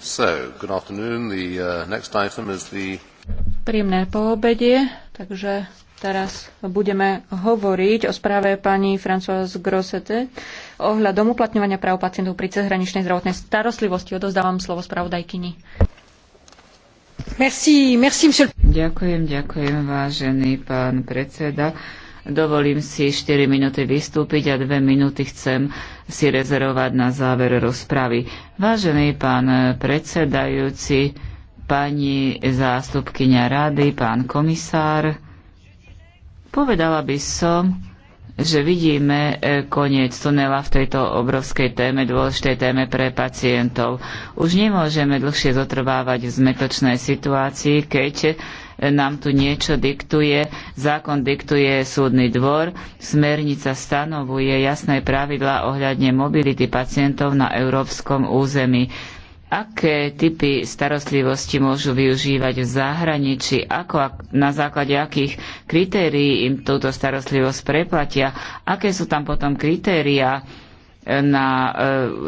So, good afternoon. The uh, next item is the... Príjemné poobedie, takže teraz budeme hovoriť o správe pani Françoise Grossete ohľadom uplatňovania práv pacientov pri cezhraničnej zdravotnej starostlivosti. Odozdávam slovo spravodajkyni. Merci, merci, monsieur... Ďakujem, ďakujem, vážený pán predseda. Dovolím si 4 minúty vystúpiť a 2 minúty chcem si rezervovať na záver rozpravy. Vážený pán predsedajúci, pani zástupkynia rady, pán komisár, povedala by som, že vidíme e, koniec tunela v tejto obrovskej téme, dôležitej téme pre pacientov. Už nemôžeme dlhšie zotrvávať v zmetočnej situácii, keď nám tu niečo diktuje. Zákon diktuje súdny dvor. Smernica stanovuje jasné pravidlá ohľadne mobility pacientov na európskom území. Aké typy starostlivosti môžu využívať v zahraničí? Ako, na základe akých kritérií im túto starostlivosť preplatia? Aké sú tam potom kritériá? na e,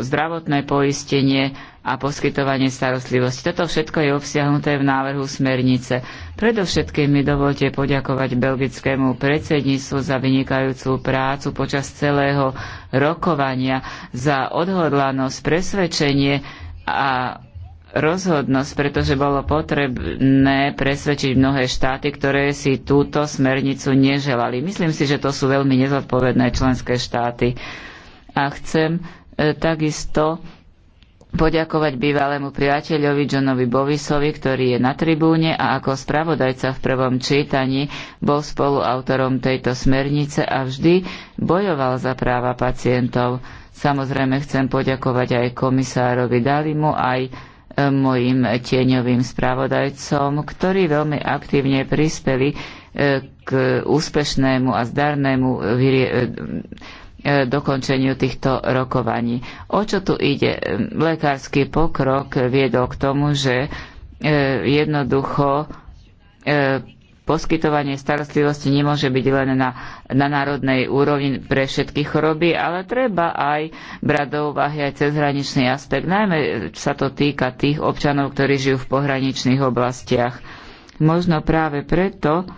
zdravotné poistenie a poskytovanie starostlivosti. Toto všetko je obsiahnuté v návrhu smernice. Predovšetkým mi dovolte poďakovať belgickému predsedníctvu za vynikajúcu prácu počas celého rokovania, za odhodlanosť, presvedčenie a rozhodnosť, pretože bolo potrebné presvedčiť mnohé štáty, ktoré si túto smernicu neželali. Myslím si, že to sú veľmi nezodpovedné členské štáty a chcem e, takisto poďakovať bývalému priateľovi Johnovi Bovisovi, ktorý je na tribúne a ako spravodajca v prvom čítaní bol spoluautorom tejto smernice a vždy bojoval za práva pacientov. Samozrejme chcem poďakovať aj komisárovi Dalimu, aj e, mojim tieňovým spravodajcom, ktorí veľmi aktívne prispeli e, k úspešnému a zdarnému E, dokončeniu týchto rokovaní. O čo tu ide? E, lekársky pokrok viedol k tomu, že e, jednoducho poskytovanie starostlivosti nemôže byť len na, na národnej úrovni pre všetky choroby, ale treba aj brať do úvahy aj cezhraničný aspekt. Najmä sa to týka tých občanov, ktorí žijú v pohraničných oblastiach. Možno práve preto,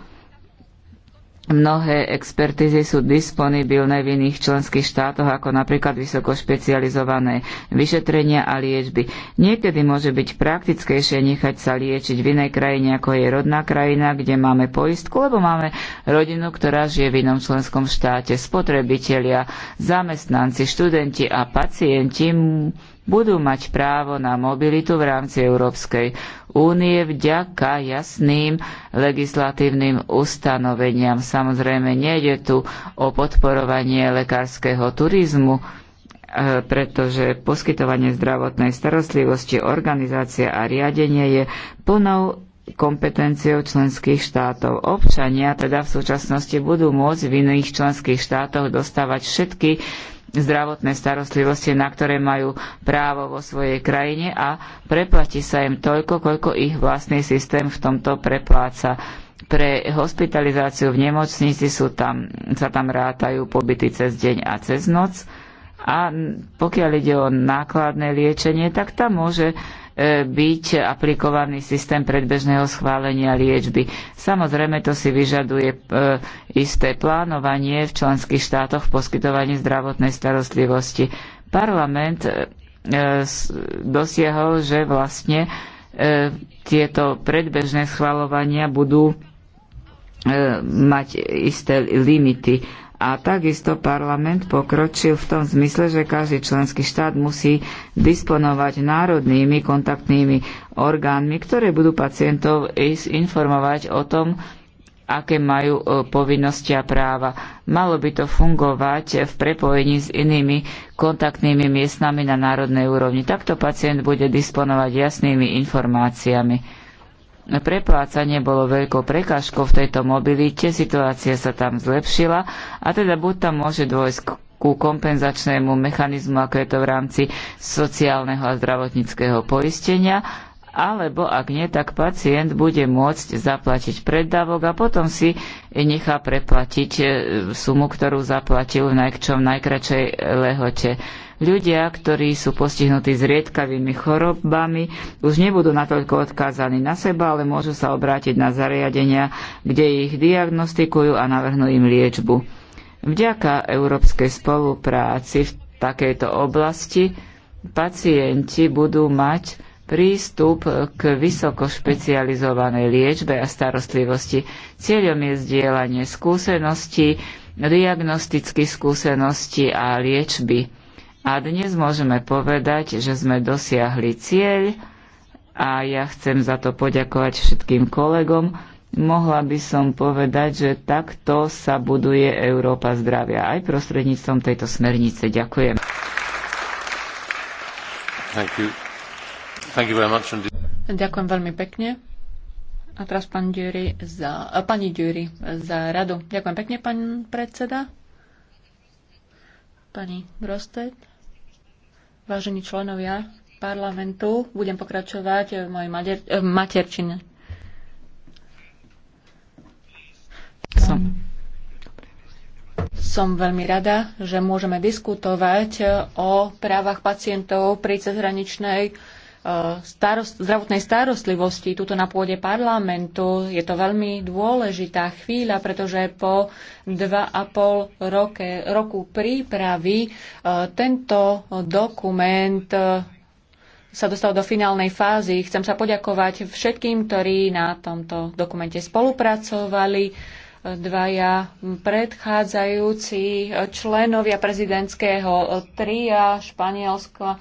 Mnohé expertízy sú disponibilné v iných členských štátoch, ako napríklad vysokošpecializované vyšetrenia a liečby. Niekedy môže byť praktickejšie nechať sa liečiť v inej krajine, ako je rodná krajina, kde máme poistku, lebo máme rodinu, ktorá žije v inom členskom štáte. Spotrebitelia, zamestnanci, študenti a pacienti budú mať právo na mobilitu v rámci Európskej únie vďaka jasným legislatívnym ustanoveniam. Samozrejme, nejde tu o podporovanie lekárskeho turizmu, e, pretože poskytovanie zdravotnej starostlivosti, organizácia a riadenie je plnou kompetenciou členských štátov. Občania teda v súčasnosti budú môcť v iných členských štátoch dostávať všetky zdravotné starostlivosti, na ktoré majú právo vo svojej krajine a preplatí sa im toľko, koľko ich vlastný systém v tomto prepláca. Pre hospitalizáciu v nemocnici sú tam, sa tam rátajú pobyty cez deň a cez noc a pokiaľ ide o nákladné liečenie, tak tam môže E, byť aplikovaný systém predbežného schválenia liečby. Samozrejme, to si vyžaduje e, isté plánovanie v členských štátoch v poskytovaní zdravotnej starostlivosti. Parlament e, dosiahol, že vlastne tieto predbežné schvalovania budú mať isté limity a takisto parlament pokročil v tom zmysle, že každý členský štát musí disponovať národnými kontaktnými orgánmi, ktoré budú pacientov informovať o tom, aké majú e, povinnosti a práva. Malo by to fungovať v prepojení s inými kontaktnými miestnami na národnej úrovni. Takto pacient bude disponovať jasnými informáciami preplácanie bolo veľkou prekážkou v tejto mobilite, situácia sa tam zlepšila a teda buď tam môže dôjsť ku kompenzačnému mechanizmu, ako je to v rámci sociálneho a zdravotníckého poistenia, alebo ak nie, tak pacient bude môcť zaplatiť preddavok a potom si nechá preplatiť e, sumu, ktorú zaplatil v najkračej lehote. Ľudia, ktorí sú postihnutí zriedkavými chorobami, už nebudú natoľko odkázaní na seba, ale môžu sa obrátiť na zariadenia, kde ich diagnostikujú a navrhnú im liečbu. Vďaka európskej spolupráci v takejto oblasti pacienti budú mať prístup k vysoko špecializovanej liečbe a starostlivosti. Cieľom je zdieľanie skúseností, diagnostických skúseností a liečby. A dnes môžeme povedať, že sme dosiahli cieľ a ja chcem za to poďakovať všetkým kolegom. Mohla by som povedať, že takto sa buduje Európa zdravia aj prostredníctvom tejto smernice. Ďakujem. Thank you. Thank you very much. Ďakujem veľmi pekne. A teraz pán Dury za, eh, pani Dury za radu. Ďakujem pekne, pán predseda. Pani Grosted. Vážení členovia parlamentu, budem pokračovať v mojej mater, eh, materčine. Som. Som veľmi rada, že môžeme diskutovať o právach pacientov pri cezhraničnej starost, zdravotnej starostlivosti tuto na pôde parlamentu. Je to veľmi dôležitá chvíľa, pretože po dva a pol roke, roku prípravy e, tento dokument e, sa dostal do finálnej fázy. Chcem sa poďakovať všetkým, ktorí na tomto dokumente spolupracovali dvaja predchádzajúci členovia prezidentského tria Španielska,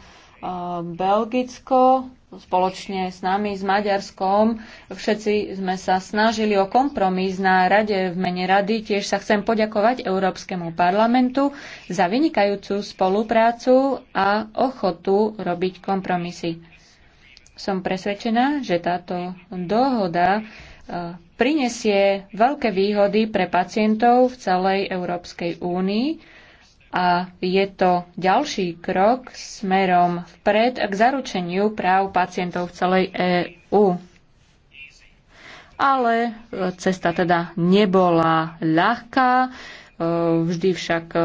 Belgicko spoločne s nami, s Maďarskom. Všetci sme sa snažili o kompromis na rade v mene rady. Tiež sa chcem poďakovať Európskemu parlamentu za vynikajúcu spoluprácu a ochotu robiť kompromisy. Som presvedčená, že táto dohoda e, prinesie veľké výhody pre pacientov v celej Európskej únii a je to ďalší krok smerom vpred k zaručeniu práv pacientov v celej EÚ. Ale e, cesta teda nebola ľahká, e, vždy však e,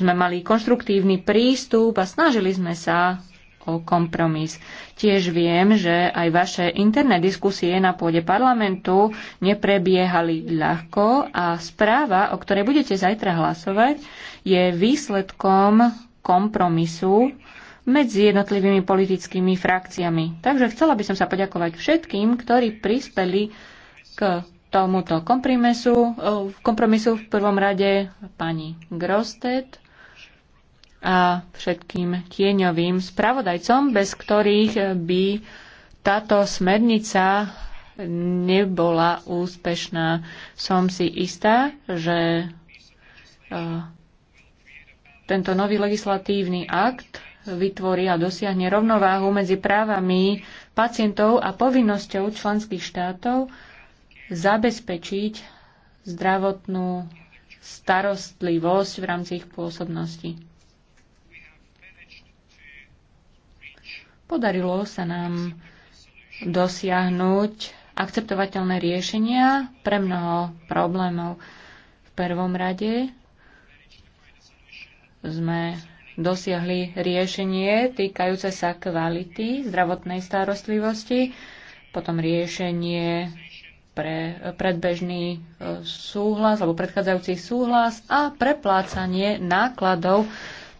sme mali konštruktívny prístup a snažili sme sa o kompromis. Tiež viem, že aj vaše interné diskusie na pôde parlamentu neprebiehali ľahko a správa, o ktorej budete zajtra hlasovať, je výsledkom kompromisu medzi jednotlivými politickými frakciami. Takže chcela by som sa poďakovať všetkým, ktorí prispeli k tomuto kompromisu, eh, kompromisu v prvom rade pani Grostet, a všetkým tieňovým spravodajcom, bez ktorých by táto smernica nebola úspešná. Som si istá, že e, tento nový legislatívny akt vytvorí a dosiahne rovnováhu medzi právami pacientov a povinnosťou členských štátov zabezpečiť zdravotnú starostlivosť v rámci ich pôsobnosti. Podarilo sa nám dosiahnuť akceptovateľné riešenia pre mnoho problémov. V prvom rade sme dosiahli riešenie týkajúce sa kvality zdravotnej starostlivosti, potom riešenie pre predbežný e, súhlas alebo predchádzajúci súhlas a preplácanie nákladov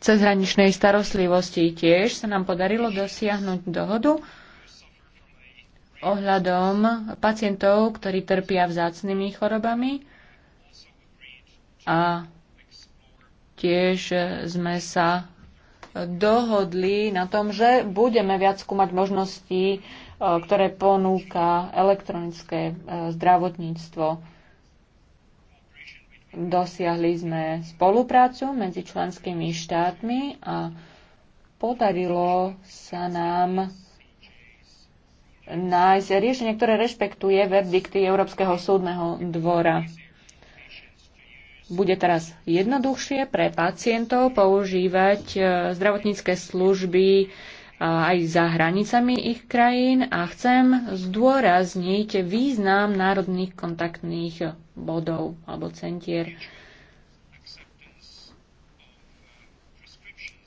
cezhraničnej starostlivosti. Tiež sa nám podarilo dosiahnuť dohodu ohľadom pacientov, ktorí trpia vzácnými chorobami a tiež sme sa dohodli na tom, že budeme viac skúmať možnosti, e, ktoré ponúka elektronické e, zdravotníctvo Dosiahli sme spoluprácu medzi členskými štátmi a podarilo sa nám nájsť riešenie, ktoré rešpektuje verdikty Európskeho súdneho dvora. Bude teraz jednoduchšie pre pacientov používať eh, zdravotnícke služby aj za hranicami ich krajín a chcem zdôrazniť význam národných kontaktných bodov alebo centier.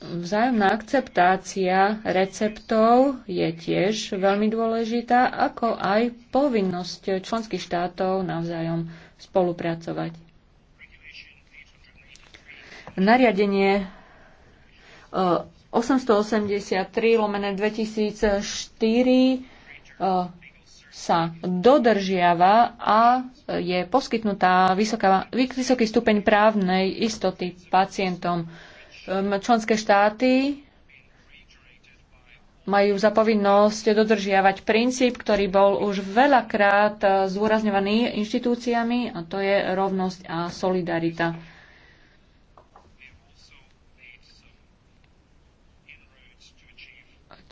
Vzájomná akceptácia receptov je tiež veľmi dôležitá, ako aj povinnosť členských štátov navzájom spolupracovať. Nariadenie e, 883 lomené 2004 e, sa dodržiava a je poskytnutá vysoká, vysoký stupeň právnej istoty pacientom. Členské štáty majú za povinnosť dodržiavať princíp, ktorý bol už veľakrát e, zúrazňovaný inštitúciami, a to je rovnosť a solidarita.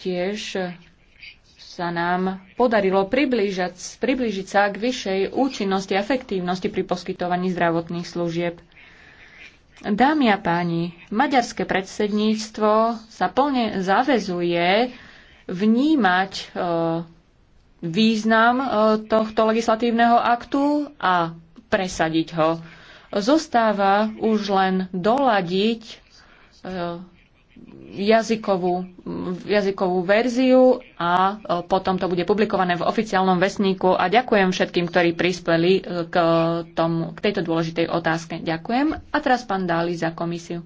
tiež sa nám podarilo priblížať, priblížiť sa k vyššej účinnosti a efektívnosti pri poskytovaní zdravotných služieb. Dámy a páni, maďarské predsedníctvo sa plne zavezuje vnímať e, význam e, tohto legislatívneho aktu a presadiť ho. Zostáva už len doladiť e, jazykovú, jazykovú verziu a e, potom to bude publikované v oficiálnom vesníku. A ďakujem všetkým, ktorí prispeli e, k, tomu, k tejto dôležitej otázke. Ďakujem. A teraz pán Dáli za komisiu.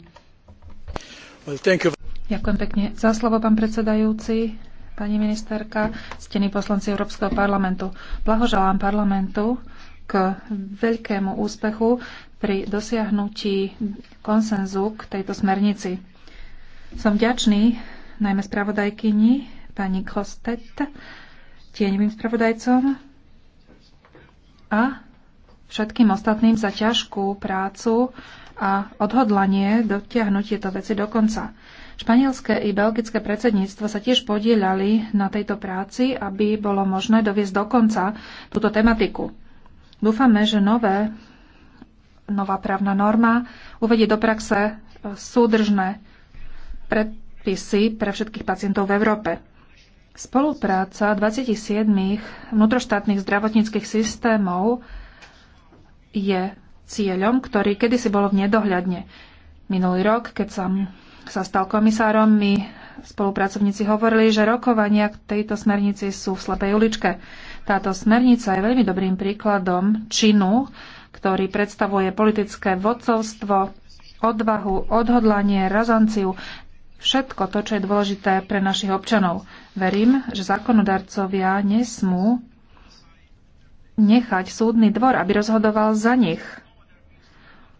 ďakujem pekne za slovo, pán predsedajúci. Pani ministerka, stení poslanci Európskeho parlamentu. Blahoželám parlamentu k veľkému úspechu pri dosiahnutí konsenzu k tejto smernici. Som vďačný najmä spravodajkyni pani Kostet, tieňovým spravodajcom a všetkým ostatným za ťažkú prácu a odhodlanie dotiahnuť tieto veci do konca. Španielské i belgické predsedníctvo sa tiež podielali na tejto práci, aby bolo možné doviesť do konca túto tematiku. Dúfame, že nové, nová právna norma uvedie do praxe súdržné predpisy pre všetkých pacientov v Európe. Spolupráca 27 vnútroštátnych zdravotníckých systémov je cieľom, ktorý kedysi bolo v nedohľadne. Minulý rok, keď som sa stal komisárom, mi spolupracovníci hovorili, že rokovania k tejto smernici sú v slepej uličke. Táto smernica je veľmi dobrým príkladom činu, ktorý predstavuje politické vodcovstvo, odvahu, odhodlanie, razanciu, všetko to, čo je dôležité pre našich občanov. Verím, že zákonodarcovia nesmú nechať súdny dvor, aby rozhodoval za nich.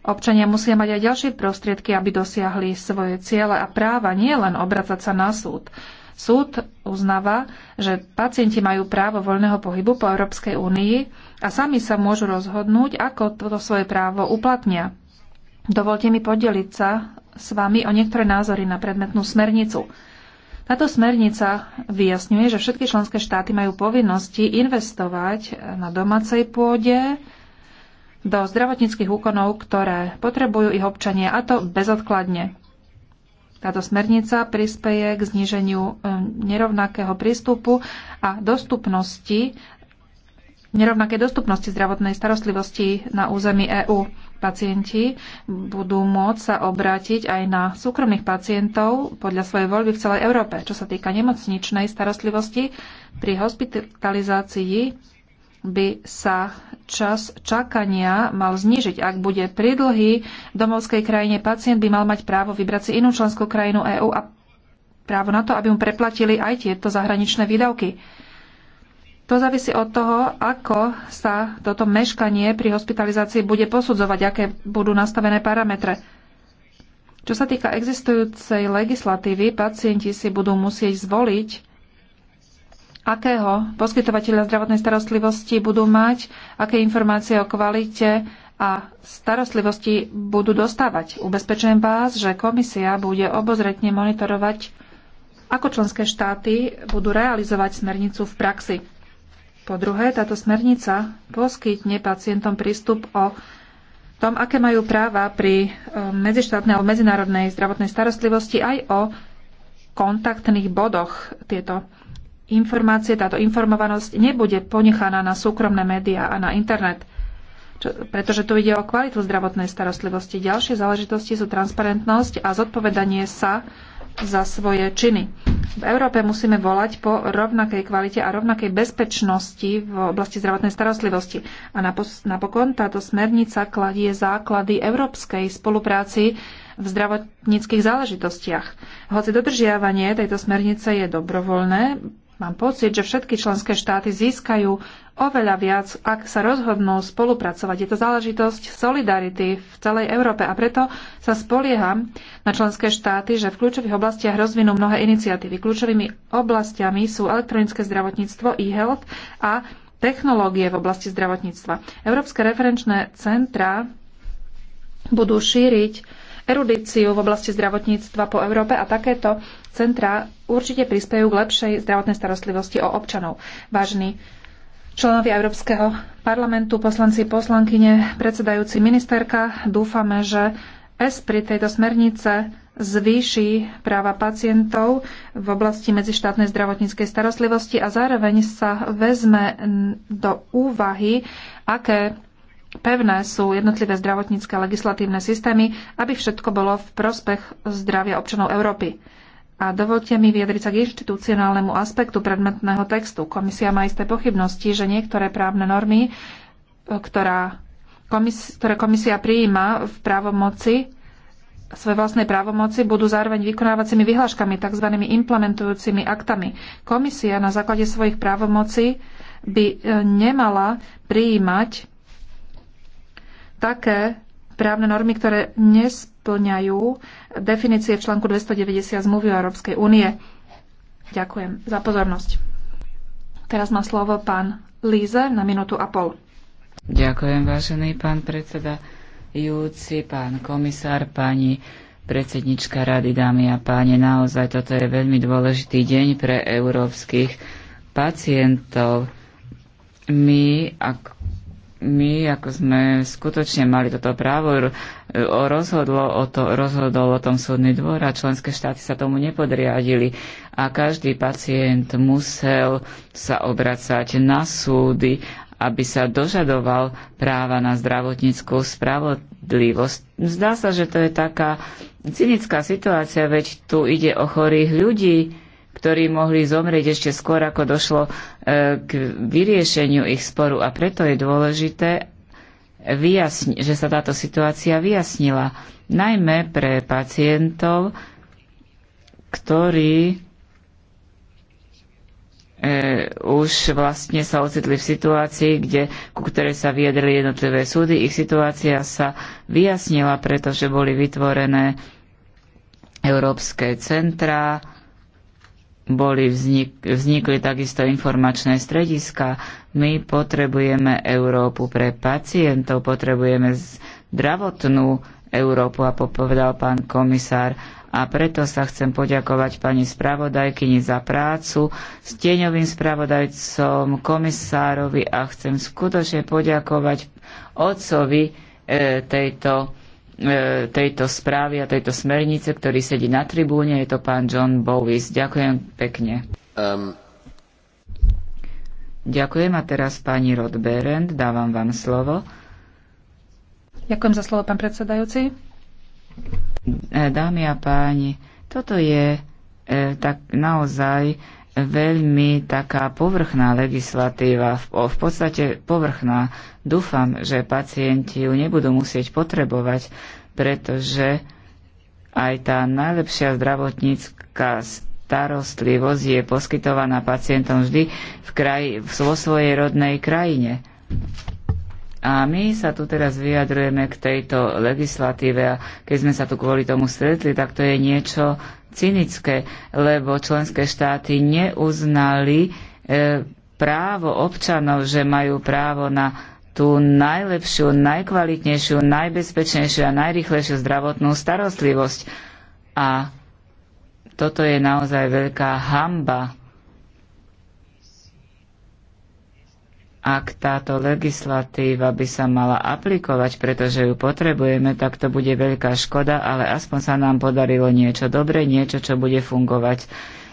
Občania musia mať aj ďalšie prostriedky, aby dosiahli svoje ciele a práva, nie len obracať sa na súd. Súd uznáva, že pacienti majú právo voľného pohybu po Európskej únii a sami sa môžu rozhodnúť, ako toto svoje právo uplatnia. Dovolte mi podeliť sa s vami o niektoré názory na predmetnú smernicu. Táto smernica vyjasňuje, že všetky členské štáty majú povinnosti investovať na domácej pôde do zdravotníckých úkonov, ktoré potrebujú ich občania, a to bezodkladne. Táto smernica prispieje k zníženiu eh, nerovnakého prístupu a dostupnosti nerovnakej dostupnosti zdravotnej starostlivosti na území EÚ. Pacienti budú môcť sa obrátiť aj na súkromných pacientov podľa svojej voľby v celej Európe. Čo sa týka nemocničnej starostlivosti, pri hospitalizácii by sa čas čakania mal znižiť. Ak bude pridlhý v domovskej krajine, pacient by mal mať právo vybrať si inú členskú krajinu EÚ a právo na to, aby mu preplatili aj tieto zahraničné výdavky. To závisí od toho, ako sa toto meškanie pri hospitalizácii bude posudzovať, aké budú nastavené parametre. Čo sa týka existujúcej legislatívy, pacienti si budú musieť zvoliť, akého poskytovateľa zdravotnej starostlivosti budú mať, aké informácie o kvalite a starostlivosti budú dostávať. Ubezpečujem vás, že komisia bude obozretne monitorovať, ako členské štáty budú realizovať smernicu v praxi. Po druhé, táto smernica poskytne pacientom prístup o tom, aké majú práva pri e, medzištátnej alebo medzinárodnej zdravotnej starostlivosti aj o kontaktných bodoch tieto informácie, táto informovanosť nebude ponechaná na súkromné médiá a na internet, čo, pretože tu ide o kvalitu zdravotnej starostlivosti. Ďalšie záležitosti sú transparentnosť a zodpovedanie sa za svoje činy. V Európe musíme volať po rovnakej kvalite a rovnakej bezpečnosti v oblasti zdravotnej starostlivosti. A napokon táto smernica kladie základy európskej spolupráci v zdravotníckých záležitostiach. Hoci dodržiavanie tejto smernice je dobrovoľné, mám pocit, že všetky členské štáty získajú oveľa viac, ak sa rozhodnú spolupracovať. Je to záležitosť solidarity v celej Európe a preto sa spolieham na členské štáty, že v kľúčových oblastiach rozvinú mnohé iniciatívy. Kľúčovými oblastiami sú elektronické zdravotníctvo, e-health a technológie v oblasti zdravotníctva. Európske referenčné centra budú šíriť erudíciu v oblasti zdravotníctva po Európe a takéto centra určite prispejú k lepšej zdravotnej starostlivosti o občanov. Vážny členovia Európskeho parlamentu, poslanci, poslankyne, predsedajúci ministerka. Dúfame, že S pri tejto smernice zvýši práva pacientov v oblasti medzištátnej zdravotníckej starostlivosti a zároveň sa vezme do úvahy, aké pevné sú jednotlivé zdravotnícke legislatívne systémy, aby všetko bolo v prospech zdravia občanov Európy. A dovolte mi vyjadriť sa k inštitucionálnemu aspektu predmetného textu. Komisia má isté pochybnosti, že niektoré právne normy, ktorá komis- ktoré komisia prijíma v právomoci, svoje vlastnej právomoci budú zároveň vykonávacími vyhláškami, tzv. implementujúcimi aktami. Komisia na základe svojich právomocí by e, nemala prijímať také právne normy, ktoré nes- splňajú definície v článku 290 zmluvy o Európskej únie. Ďakujem za pozornosť. Teraz má slovo pán Líze na minútu a pol. Ďakujem, vážený pán predseda Júci, pán komisár, pani predsednička rady, dámy a páni. Naozaj toto je veľmi dôležitý deň pre európskych pacientov. My, ako my, ako sme skutočne mali toto právo, rozhodlo o to, rozhodol o tom súdny dvor a členské štáty sa tomu nepodriadili. A každý pacient musel sa obracať na súdy, aby sa dožadoval práva na zdravotníckú spravodlivosť. Zdá sa, že to je taká cynická situácia, veď tu ide o chorých ľudí, ktorí mohli zomrieť ešte skôr, ako došlo e, k vyriešeniu ich sporu. A preto je dôležité, vyjasni- že sa táto situácia vyjasnila, najmä pre pacientov, ktorí e, už vlastne sa ocitli v situácii, kde, ku ktorej sa vyjadrili jednotlivé súdy. Ich situácia sa vyjasnila, pretože boli vytvorené európske centrá, boli vznik, vznikli takisto informačné strediska. My potrebujeme Európu pre pacientov, potrebujeme zdravotnú Európu, a povedal pán komisár. A preto sa chcem poďakovať pani spravodajkyni za prácu, steňovým spravodajcom, komisárovi a chcem skutočne poďakovať otcovi e, tejto E, tejto správy a tejto smernice, ktorý sedí na tribúne, je to pán John Bowis. Ďakujem pekne. Um. Ďakujem a teraz pani Rod Berend, dávam vám slovo. Ďakujem za slovo, pán predsedajúci. E, dámy a páni, toto je e, tak naozaj veľmi taká povrchná legislatíva, v, podstate povrchná. Dúfam, že pacienti ju nebudú musieť potrebovať, pretože aj tá najlepšia zdravotnícka starostlivosť je poskytovaná pacientom vždy v kraji, vo svojej rodnej krajine. A my sa tu teraz vyjadrujeme k tejto legislatíve a keď sme sa tu kvôli tomu stretli, tak to je niečo cynické, lebo členské štáty neuznali e, právo občanov, že majú právo na tú najlepšiu, najkvalitnejšiu, najbezpečnejšiu a najrychlejšiu zdravotnú starostlivosť. A toto je naozaj veľká hamba ak táto legislatíva by sa mala aplikovať, pretože ju potrebujeme, tak to bude veľká škoda, ale aspoň sa nám podarilo niečo dobre, niečo, čo bude fungovať.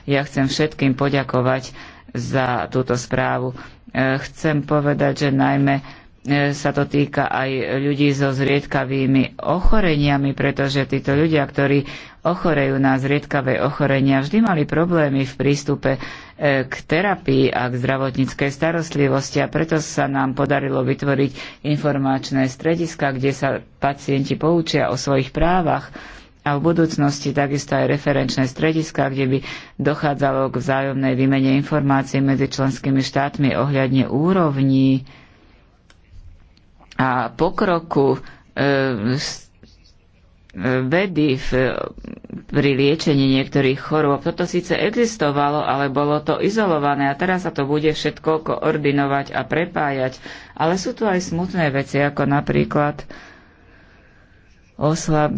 Ja chcem všetkým poďakovať za túto správu. E, chcem povedať, že najmä e, sa to týka aj ľudí so zriedkavými ochoreniami, pretože títo ľudia, ktorí ochorejú na zriedkavé ochorenia, vždy mali problémy v prístupe e, k terapii a k zdravotníckej starostlivosti a preto sa nám podarilo vytvoriť informačné strediska, kde sa pacienti poučia o svojich právach a v budúcnosti takisto aj referenčné strediska, kde by dochádzalo k vzájomnej výmene informácií medzi členskými štátmi ohľadne úrovní a pokroku e, vedy v, pri liečení niektorých chorôb. Toto síce existovalo, ale bolo to izolované a teraz sa to bude všetko koordinovať a prepájať. Ale sú tu aj smutné veci, ako napríklad oslab,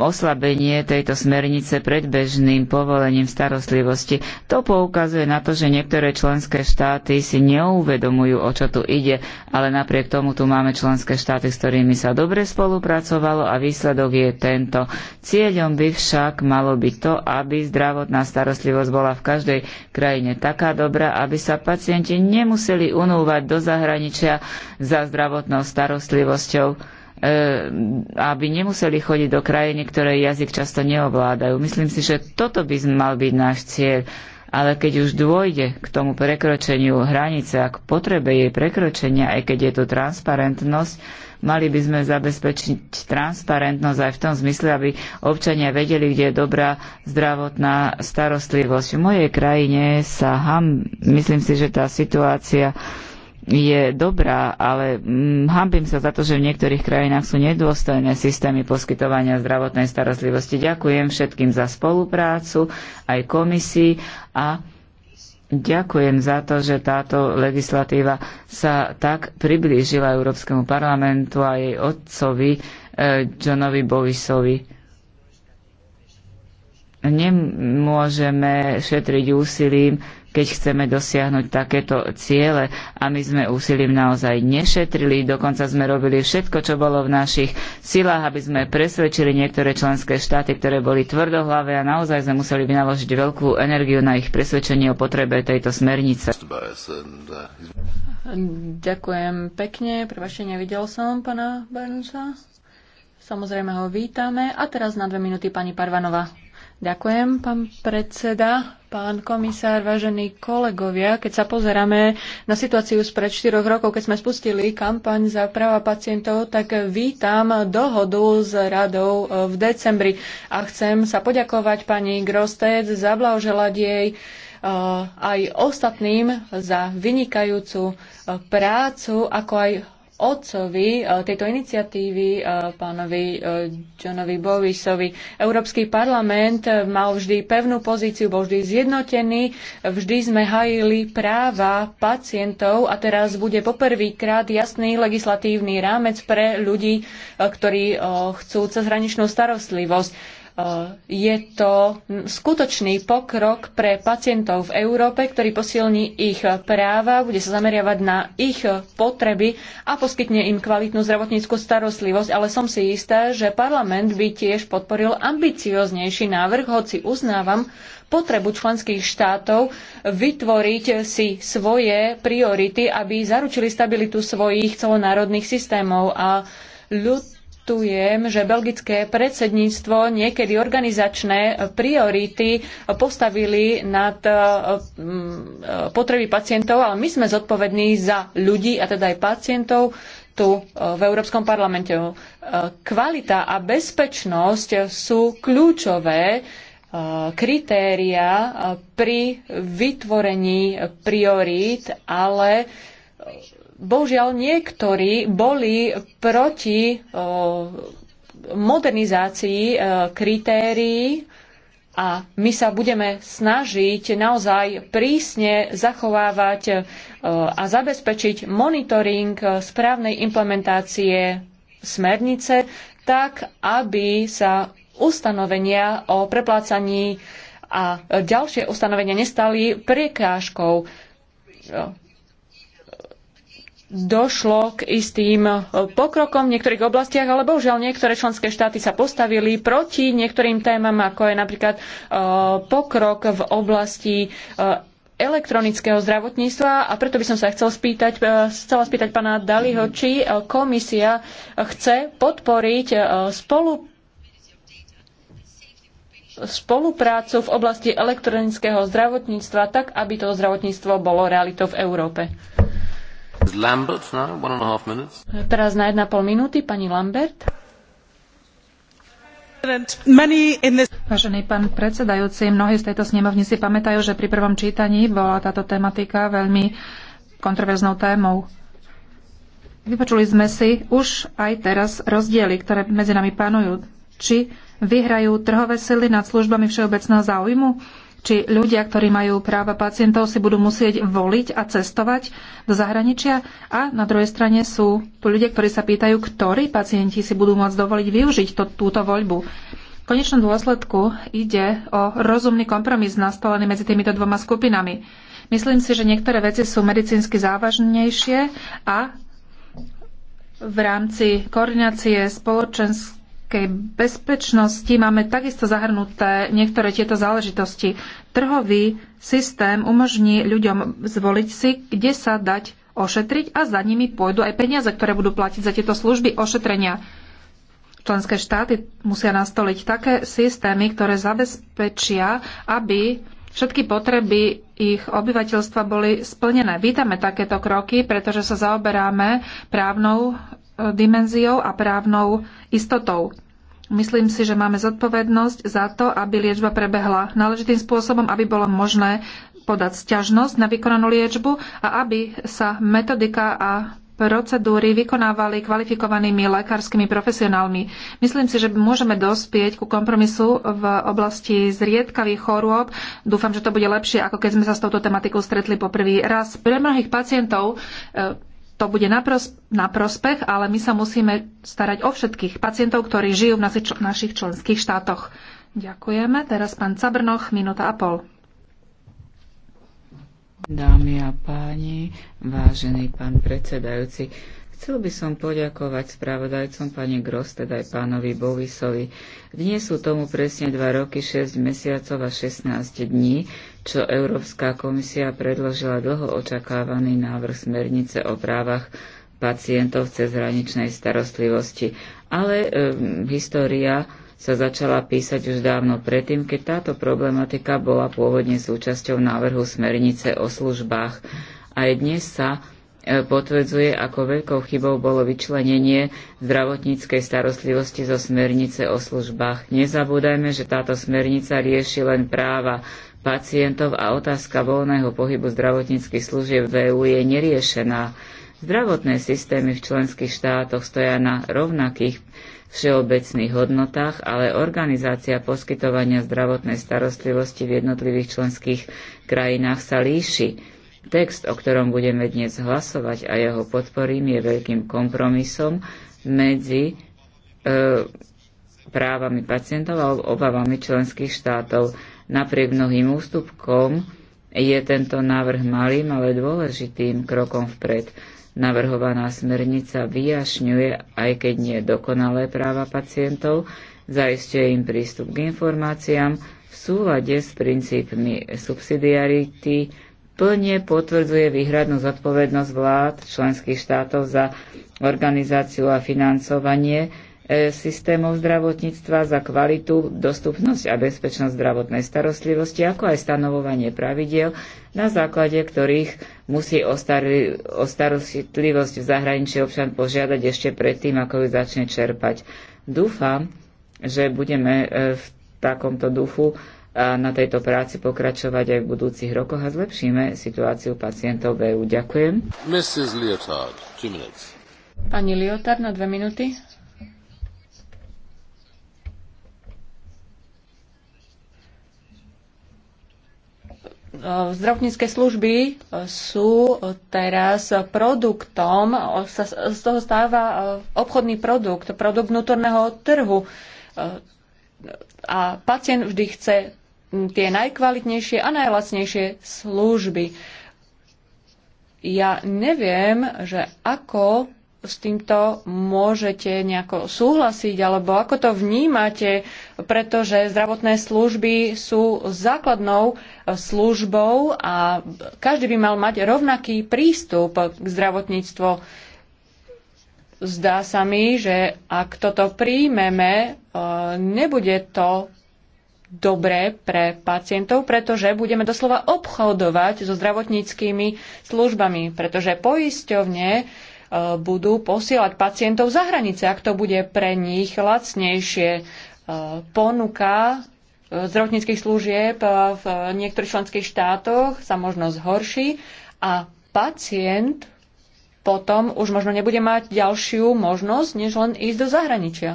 oslabenie tejto smernice predbežným povolením starostlivosti. To poukazuje na to, že niektoré členské štáty si neuvedomujú, o čo tu ide, ale napriek tomu tu máme členské štáty, s ktorými sa dobre spolupracovalo a výsledok je tento. Cieľom by však malo byť to, aby zdravotná starostlivosť bola v každej krajine taká dobrá, aby sa pacienti nemuseli unúvať do zahraničia za zdravotnou starostlivosťou Eh, aby nemuseli chodiť do krajiny, ktoré jazyk často neovládajú. Myslím si, že toto by mal byť náš cieľ. Ale keď už dôjde k tomu prekročeniu hranice a k potrebe jej prekročenia, aj keď je to transparentnosť, mali by sme zabezpečiť transparentnosť aj v tom zmysle, aby občania vedeli, kde je dobrá zdravotná starostlivosť. V mojej krajine sa ham, myslím si, že tá situácia je dobrá, ale hm, hambím sa za to, že v niektorých krajinách sú nedôstojné systémy poskytovania zdravotnej starostlivosti. Ďakujem všetkým za spoluprácu, aj komisii a ďakujem za to, že táto legislatíva sa tak priblížila Európskemu parlamentu a jej otcovi eh, Johnovi Bovisovi. Nemôžeme šetriť úsilím keď chceme dosiahnuť takéto ciele a my sme úsilím naozaj nešetrili, dokonca sme robili všetko, čo bolo v našich silách, aby sme presvedčili niektoré členské štáty, ktoré boli tvrdohlavé a naozaj sme museli vynaložiť veľkú energiu na ich presvedčenie o potrebe tejto smernice. Ďakujem pekne, prebačte, nevidel som pana Bernsa. Samozrejme ho vítame. A teraz na dve minúty pani Parvanova. Ďakujem, pán predseda. Pán komisár, vážení kolegovia, keď sa pozeráme na situáciu spred 4 rokov, keď sme spustili kampaň za práva pacientov, tak vítam dohodu s radou v decembri a chcem sa poďakovať pani Grostec, blahoželať jej e, aj ostatným za vynikajúcu e, prácu, ako aj otcovi e, tejto iniciatívy, e, pánovi e, Johnovi Bowisovi. Európsky parlament mal vždy pevnú pozíciu, bol vždy zjednotený, vždy sme hajili práva pacientov a teraz bude poprvýkrát jasný legislatívny rámec pre ľudí, ktorí chcú cezhraničnú starostlivosť Eh, je to skutočný pokrok pre pacientov v Európe, ktorý posilní ich práva, bude sa zameriavať na ich potreby a poskytne im kvalitnú zdravotníckú starostlivosť, ale som si istá, že parlament by tiež podporil ambicioznejší návrh, hoci uznávam potrebu členských štátov vytvoriť si svoje priority, aby zaručili stabilitu svojich celonárodných systémov a ľud akceptujem, že belgické predsedníctvo niekedy organizačné priority postavili nad eh, mm, potreby pacientov, ale my sme zodpovední za ľudí a teda aj pacientov tu eh, v Európskom parlamente. Eh, kvalita a bezpečnosť sú kľúčové kritéria pri vytvorení priorít, ale bohužiaľ niektorí boli proti modernizácii e, kritérií a my sa budeme snažiť naozaj prísne zachovávať e, a zabezpečiť monitoring e, správnej implementácie smernice tak, aby sa ustanovenia o preplácaní a ďalšie ustanovenia nestali prekážkou došlo k istým e, pokrokom v niektorých oblastiach, ale bohužiaľ niektoré členské štáty sa postavili proti niektorým témam, ako je napríklad e, pokrok v oblasti e, elektronického zdravotníctva a preto by som sa chcel spýtať, chcela spýtať pána Daliho, mhm. či komisia chce podporiť spolu spoluprácu v oblasti elektronického zdravotníctva tak, aby to zdravotníctvo bolo realitou v Európe. Lambert, no, One and a half minutes. Teraz na jedna pol minúty, pani Lambert. Vážený pán predsedajúci, mnohí z tejto snemovni si pamätajú, že pri prvom čítaní bola táto tematika veľmi kontroverznou témou. Vypočuli sme si už aj teraz rozdiely, ktoré medzi nami panujú. Či vyhrajú trhové sily nad službami všeobecného záujmu? či ľudia, ktorí majú práva pacientov, si budú musieť voliť a cestovať do zahraničia. A na druhej strane sú tu ľudia, ktorí sa pýtajú, ktorí pacienti si budú môcť dovoliť využiť to, túto voľbu. V konečnom dôsledku ide o rozumný kompromis nastolený medzi týmito dvoma skupinami. Myslím si, že niektoré veci sú medicínsky závažnejšie a v rámci koordinácie spoločenských energetickej bezpečnosti máme takisto zahrnuté niektoré tieto záležitosti. Trhový systém umožní ľuďom zvoliť si, kde sa dať ošetriť a za nimi pôjdu aj peniaze, ktoré budú platiť za tieto služby ošetrenia. Členské štáty musia nastoliť také systémy, ktoré zabezpečia, aby všetky potreby ich obyvateľstva boli splnené. Vítame takéto kroky, pretože sa zaoberáme právnou dimenziou a právnou istotou. Myslím si, že máme zodpovednosť za to, aby liečba prebehla náležitým spôsobom, aby bolo možné podať sťažnosť na vykonanú liečbu a aby sa metodika a procedúry vykonávali kvalifikovanými lekárskymi profesionálmi. Myslím si, že môžeme dospieť ku kompromisu v oblasti zriedkavých chorôb. Dúfam, že to bude lepšie, ako keď sme sa s touto tematikou stretli poprvý raz. Pre mnohých pacientov e, to bude na prospech, ale my sa musíme starať o všetkých pacientov, ktorí žijú v našich členských štátoch. Ďakujeme. Teraz pán Cabrnoch, minúta a pol. Dámy a páni, vážený pán predsedajúci, chcel by som poďakovať spravodajcom pani Grosted aj pánovi Bovisovi. Dnes sú tomu presne 2 roky, 6 mesiacov a 16 dní, čo Európska komisia predložila dlho očakávaný návrh smernice o právach pacientov v cezhraničnej starostlivosti. Ale e, história sa začala písať už dávno predtým, keď táto problematika bola pôvodne súčasťou návrhu smernice o službách. Aj dnes sa e, potvrdzuje, ako veľkou chybou bolo vyčlenenie zdravotníckej starostlivosti zo smernice o službách. Nezabúdajme, že táto smernica rieši len práva pacientov a otázka voľného pohybu zdravotníckých služieb v EÚ je neriešená. Zdravotné systémy v členských štátoch stoja na rovnakých všeobecných hodnotách, ale organizácia poskytovania zdravotnej starostlivosti v jednotlivých členských krajinách sa líši. Text, o ktorom budeme dnes hlasovať a jeho podporím, je veľkým kompromisom medzi e, právami pacientov a obavami členských štátov. Napriek mnohým ústupkom je tento návrh malým, ale dôležitým krokom vpred. Navrhovaná smernica vyjašňuje, aj keď nie dokonalé práva pacientov, zaistuje im prístup k informáciám v súlade s princípmi subsidiarity, plne potvrdzuje výhradnú zodpovednosť vlád členských štátov za organizáciu a financovanie E, systémov zdravotníctva za kvalitu, dostupnosť a bezpečnosť zdravotnej starostlivosti, ako aj stanovovanie pravidiel, na základe ktorých musí o, starý, o starostlivosť v zahraničí občan požiadať ešte predtým, ako ju začne čerpať. Dúfam, že budeme e, v takomto duchu a na tejto práci pokračovať aj v budúcich rokoch a zlepšíme situáciu pacientov v EU. Ďakujem. Mrs. two minutes. Pani Liotard na dve minúty. Eh, zdravotnícke služby eh, sú teraz produktom, z toho stáva eh, obchodný produkt, produkt vnútorného trhu. A pacient vždy chce hm, tie najkvalitnejšie a najlacnejšie služby. Ja neviem, že ako s týmto môžete nejako súhlasiť, alebo ako to vnímate, pretože zdravotné služby sú základnou e, službou a každý by mal mať rovnaký prístup k zdravotníctvu. Zdá sa mi, že ak toto príjmeme, e, nebude to dobré pre pacientov, pretože budeme doslova obchodovať so zdravotníckými službami, pretože poisťovne Eh, budú posielať pacientov za hranice, ak to bude pre nich lacnejšie. Eh, ponuka eh, zdravotníckých služieb v niektorých členských štátoch sa možno zhorší a pacient potom už možno nebude mať ďalšiu možnosť, než len ísť do zahraničia.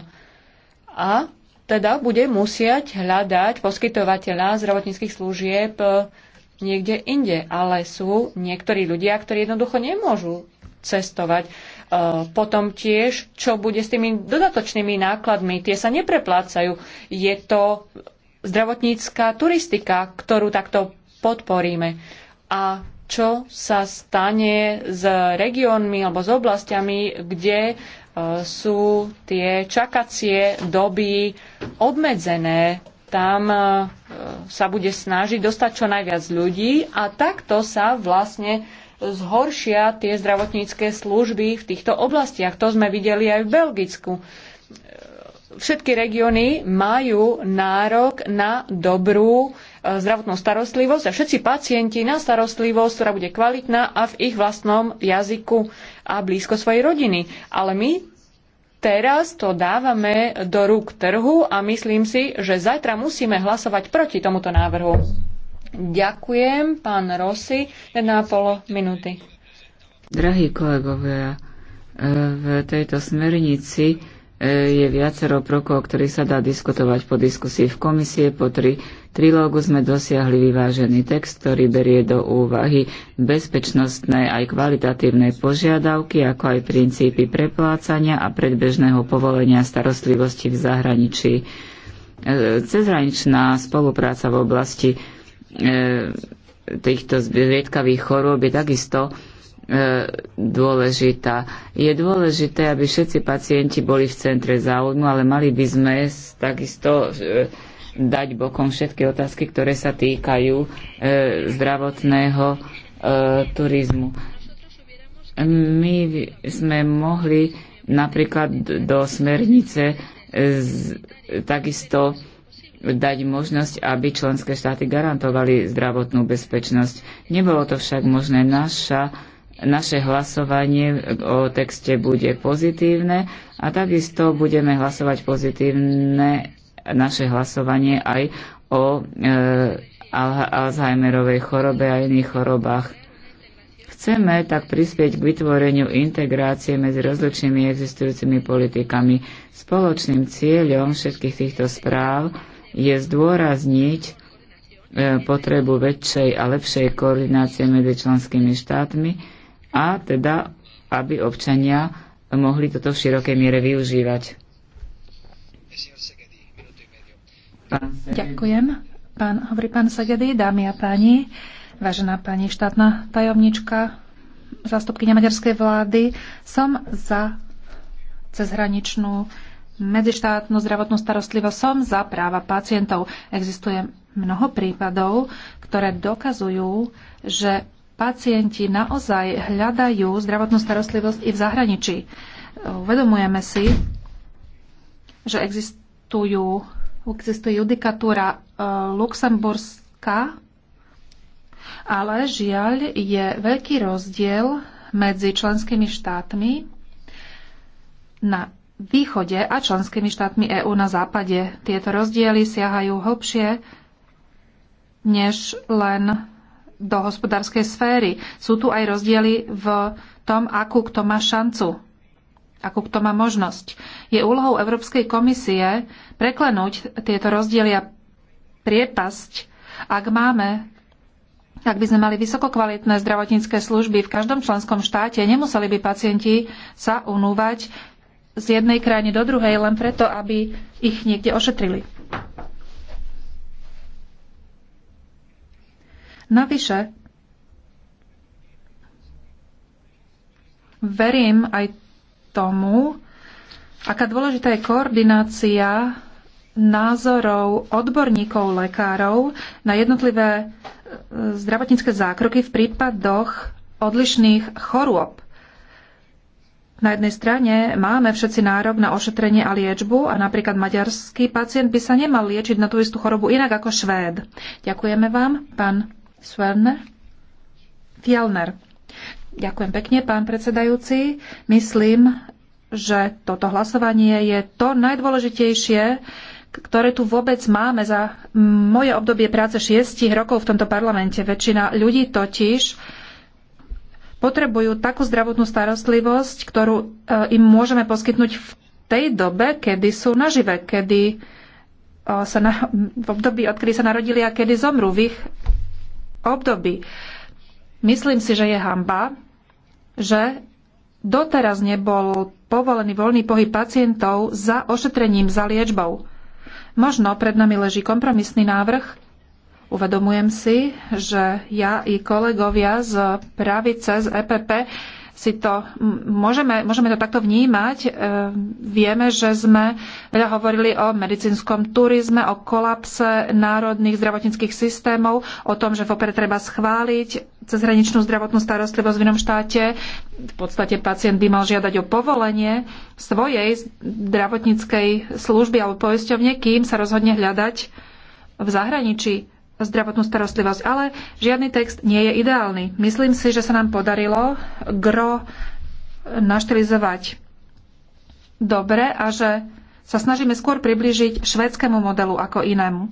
A teda bude musieť hľadať poskytovateľa zdravotníckých služieb niekde inde. Ale sú niektorí ľudia, ktorí jednoducho nemôžu cestovať. E, potom tiež, čo bude s tými dodatočnými nákladmi, tie sa nepreplácajú. Je to zdravotnícká turistika, ktorú takto podporíme. A čo sa stane s regiónmi alebo s oblastiami, kde e, sú tie čakacie doby obmedzené. Tam e, sa bude snažiť dostať čo najviac ľudí a takto sa vlastne zhoršia tie zdravotnícke služby v týchto oblastiach. To sme videli aj v Belgicku. Všetky regióny majú nárok na dobrú e, zdravotnú starostlivosť a všetci pacienti na starostlivosť, ktorá bude kvalitná a v ich vlastnom jazyku a blízko svojej rodiny. Ale my teraz to dávame do rúk trhu a myslím si, že zajtra musíme hlasovať proti tomuto návrhu. Ďakujem, pán Rossi, 1,5 minúty. Drahí kolegovia, e, v tejto smernici e, je viacero prokov, o ktorých sa dá diskutovať po diskusii v komisie. Po tri trilógu sme dosiahli vyvážený text, ktorý berie do úvahy bezpečnostné aj kvalitatívne požiadavky, ako aj princípy preplácania a predbežného povolenia starostlivosti v zahraničí. E, Cezraničná spolupráca v oblasti E, týchto zriedkavých chorôb je takisto e, dôležitá. Je dôležité, aby všetci pacienti boli v centre záujmu, ale mali by sme takisto e, dať bokom všetky otázky, ktoré sa týkajú zdravotného turizmu. My sme mohli napríklad do smernice takisto dať možnosť, aby členské štáty garantovali zdravotnú bezpečnosť. Nebolo to však možné. Naša, naše hlasovanie o texte bude pozitívne a takisto budeme hlasovať pozitívne naše hlasovanie aj o e, Alzheimerovej chorobe a iných chorobách. Chceme tak prispieť k vytvoreniu integrácie medzi rozličnými existujúcimi politikami. Spoločným cieľom všetkých týchto správ je zdôrazniť e, potrebu väčšej a lepšej koordinácie medzi členskými štátmi a teda, aby občania mohli toto v širokej miere využívať. Ďakujem. Pán, hovorí pán Segedy, dámy a páni, vážená pani štátna tajomnička, zástupkynia maďarskej vlády, som za cezhraničnú medzištátnu zdravotnú starostlivosť. Som za práva pacientov. Existuje mnoho prípadov, ktoré dokazujú, že pacienti naozaj hľadajú zdravotnú starostlivosť i v zahraničí. Uvedomujeme si, že existujú, existuje judikatúra e, Luxemburska, ale žiaľ je veľký rozdiel medzi členskými štátmi na východe a členskými štátmi EÚ na západe. Tieto rozdiely siahajú hlbšie než len do hospodárskej sféry. Sú tu aj rozdiely v tom, akú kto má šancu, akú kto má možnosť. Je úlohou Európskej komisie preklenúť tieto rozdiely a priepasť, ak máme ak by sme mali vysokokvalitné zdravotnícke služby v každom členskom štáte, nemuseli by pacienti sa unúvať z jednej krajiny do druhej len preto, aby ich niekde ošetrili. Navyše, verím aj tomu, aká dôležitá je koordinácia názorov odborníkov, lekárov na jednotlivé e, zdravotnícke zákroky v prípadoch odlišných chorôb. Na jednej strane máme všetci nárok na ošetrenie a liečbu a napríklad maďarský pacient by sa nemal liečiť na tú istú chorobu inak ako Švéd. Ďakujeme vám, pán Swerner. Fielner. Ďakujem pekne, pán predsedajúci. Myslím, že toto hlasovanie je to najdôležitejšie, ktoré tu vôbec máme za moje obdobie práce šiestich rokov v tomto parlamente. Väčšina ľudí totiž potrebujú takú zdravotnú starostlivosť, ktorú e, im môžeme poskytnúť v tej dobe, kedy sú nažive, kedy e, sa na, v období, odkedy sa narodili a kedy zomrú v ich období. Myslím si, že je hamba, že doteraz nebol povolený voľný pohyb pacientov za ošetrením, za liečbou. Možno pred nami leží kompromisný návrh, Uvedomujem si, že ja i kolegovia z pravice, z EPP si to môžeme, môžeme to takto vnímať. E, vieme, že sme veľa hovorili o medicínskom turizme, o kolapse národných zdravotníckých systémov, o tom, že vopred treba schváliť cezhraničnú zdravotnú starostlivosť v inom štáte. V podstate pacient by mal žiadať o povolenie svojej zdravotníckej služby alebo poisťovne, kým sa rozhodne hľadať v zahraničí zdravotnú starostlivosť. Ale žiadny text nie je ideálny. Myslím si, že sa nám podarilo gro naštilizovať dobre a že sa snažíme skôr priblížiť švédskému modelu ako inému.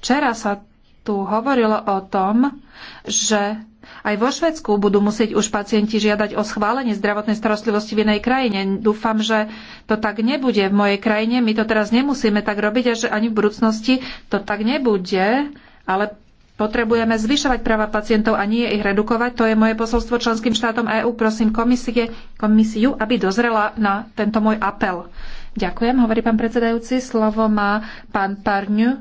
Včera sa tu hovorilo o tom, že aj vo Švedsku budú musieť už pacienti žiadať o schválenie zdravotnej starostlivosti v inej krajine. Dúfam, že to tak nebude v mojej krajine. My to teraz nemusíme tak robiť a že ani v budúcnosti to tak nebude ale potrebujeme zvyšovať práva pacientov a nie ich redukovať. To je moje posolstvo členským štátom EÚ. Prosím komisie, komisiu, aby dozrela na tento môj apel. Ďakujem, hovorí pán predsedajúci. Slovo má pán Parňu.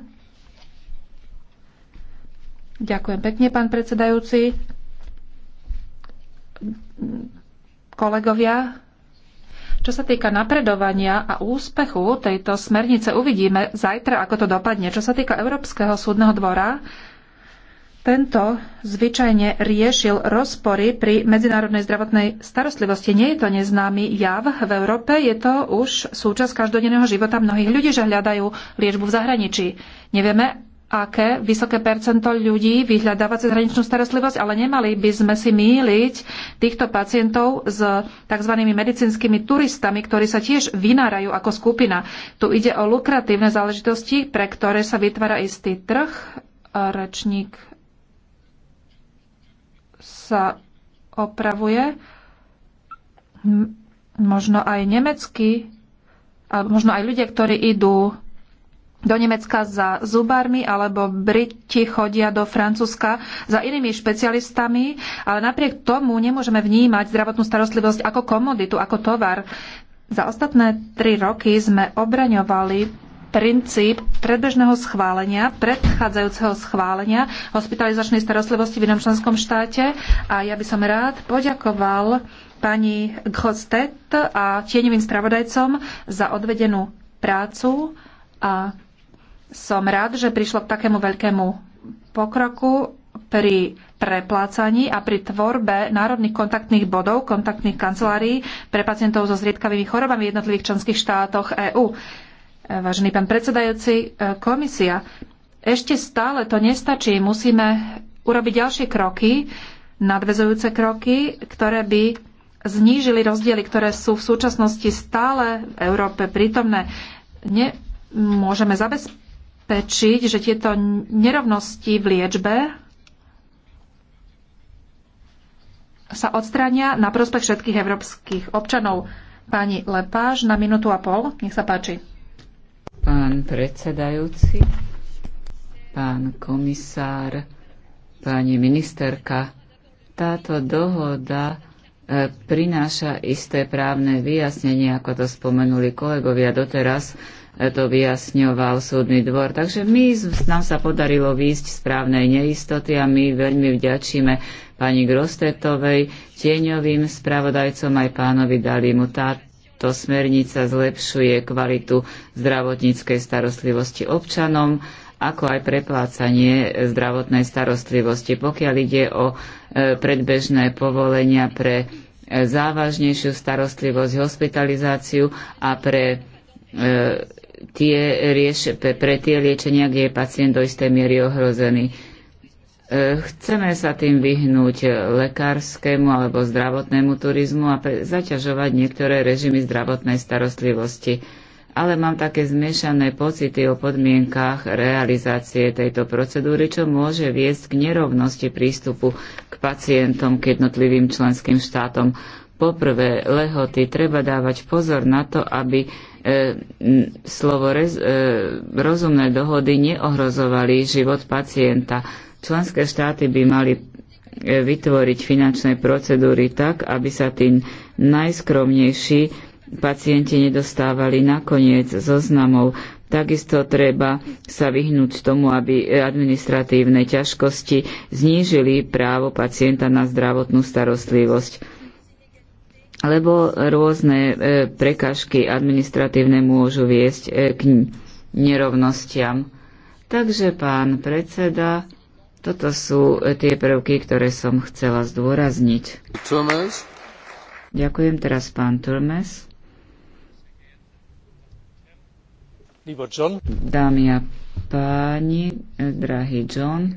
Ďakujem pekne, pán predsedajúci. Kolegovia, čo sa týka napredovania a úspechu tejto smernice, uvidíme zajtra, ako to dopadne. Čo sa týka Európskeho súdneho dvora, tento zvyčajne riešil rozpory pri medzinárodnej zdravotnej starostlivosti. Nie je to neznámy jav v Európe, je to už súčasť každodenného života mnohých ľudí, že hľadajú liečbu v zahraničí. Nevieme, aké vysoké percento ľudí vyhľadáva cezhraničnú starostlivosť, ale nemali by sme si míliť týchto pacientov s tzv. medicínskymi turistami, ktorí sa tiež vynárajú ako skupina. Tu ide o lukratívne záležitosti, pre ktoré sa vytvára istý trh. Rečník sa opravuje. Možno aj alebo možno aj ľudia, ktorí idú do Nemecka za zubármi, alebo Briti chodia do Francúzska za inými špecialistami, ale napriek tomu nemôžeme vnímať zdravotnú starostlivosť ako komoditu, ako tovar. Za ostatné tri roky sme obraňovali princíp predbežného schválenia, predchádzajúceho schválenia hospitalizačnej starostlivosti v inom členskom štáte a ja by som rád poďakoval pani Gostet a tieňovým spravodajcom za odvedenú prácu a som rád, že prišlo k takému veľkému pokroku pri preplácaní a pri tvorbe národných kontaktných bodov, kontaktných kancelárií pre pacientov so zriedkavými chorobami v jednotlivých členských štátoch EÚ. Vážený pán predsedajúci, e, komisia, ešte stále to nestačí. Musíme urobiť ďalšie kroky, nadvezujúce kroky, ktoré by znížili rozdiely, ktoré sú v súčasnosti stále v Európe prítomné. Ne, môžeme zabezpečiť zabezpečiť, že tieto nerovnosti v liečbe sa odstrania na prospech všetkých európskych občanov. Pani Lepáš, na minútu a pol, nech sa páči. Pán predsedajúci, pán komisár, pani ministerka, táto dohoda e, prináša isté právne vyjasnenie, ako to spomenuli kolegovia doteraz to vyjasňoval súdny dvor. Takže my, nám sa podarilo výjsť z právnej neistoty a my veľmi vďačíme pani Grostetovej, tieňovým spravodajcom aj pánovi Dalimu. Táto smernica zlepšuje kvalitu zdravotníckej starostlivosti občanom, ako aj preplácanie zdravotnej starostlivosti. Pokiaľ ide o e, predbežné povolenia pre e, závažnejšiu starostlivosť, hospitalizáciu a pre e, tie rieš, pre tie liečenia, kde je pacient do istej miery ohrozený. E, chceme sa tým vyhnúť lekárskému alebo zdravotnému turizmu a zaťažovať niektoré režimy zdravotnej starostlivosti. Ale mám také zmiešané pocity o podmienkách realizácie tejto procedúry, čo môže viesť k nerovnosti prístupu k pacientom, k jednotlivým členským štátom. Poprvé, lehoty treba dávať pozor na to, aby E, slovo rez, e, rozumné dohody neohrozovali život pacienta. Členské štáty by mali e, vytvoriť finančné procedúry tak, aby sa tí najskromnejší pacienti nedostávali nakoniec zoznamov. Takisto treba sa vyhnúť tomu, aby administratívne ťažkosti znížili právo pacienta na zdravotnú starostlivosť lebo rôzne e, prekažky administratívne môžu viesť e, k nerovnostiam. Takže, pán predseda, toto sú e, tie prvky, ktoré som chcela zdôrazniť. Thomas. Ďakujem teraz pán Turmes. Dámy a páni, drahý John,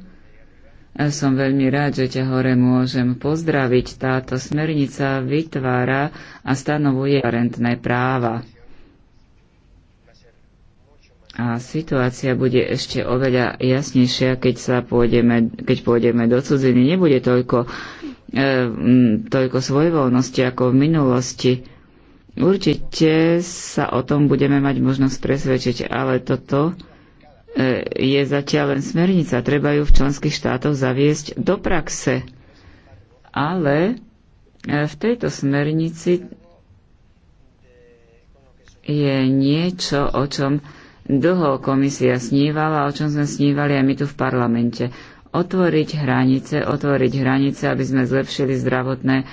som veľmi rád, že ťa hore môžem pozdraviť. Táto smernica vytvára a stanovuje parentné práva. A situácia bude ešte oveľa jasnejšia, keď, sa pôjdeme, keď pôjdeme do cudziny. Nebude toľko, e, toľko svojvoľnosti ako v minulosti. Určite sa o tom budeme mať možnosť presvedčiť, ale toto E, je zatiaľ len smernica, treba ju v členských štátoch zaviesť do praxe. Ale e, v tejto smernici je niečo, o čom dlho komisia snívala, o čom sme snívali aj my tu v parlamente. Otvoriť hranice, otvoriť hranice, aby sme zlepšili zdravotné e,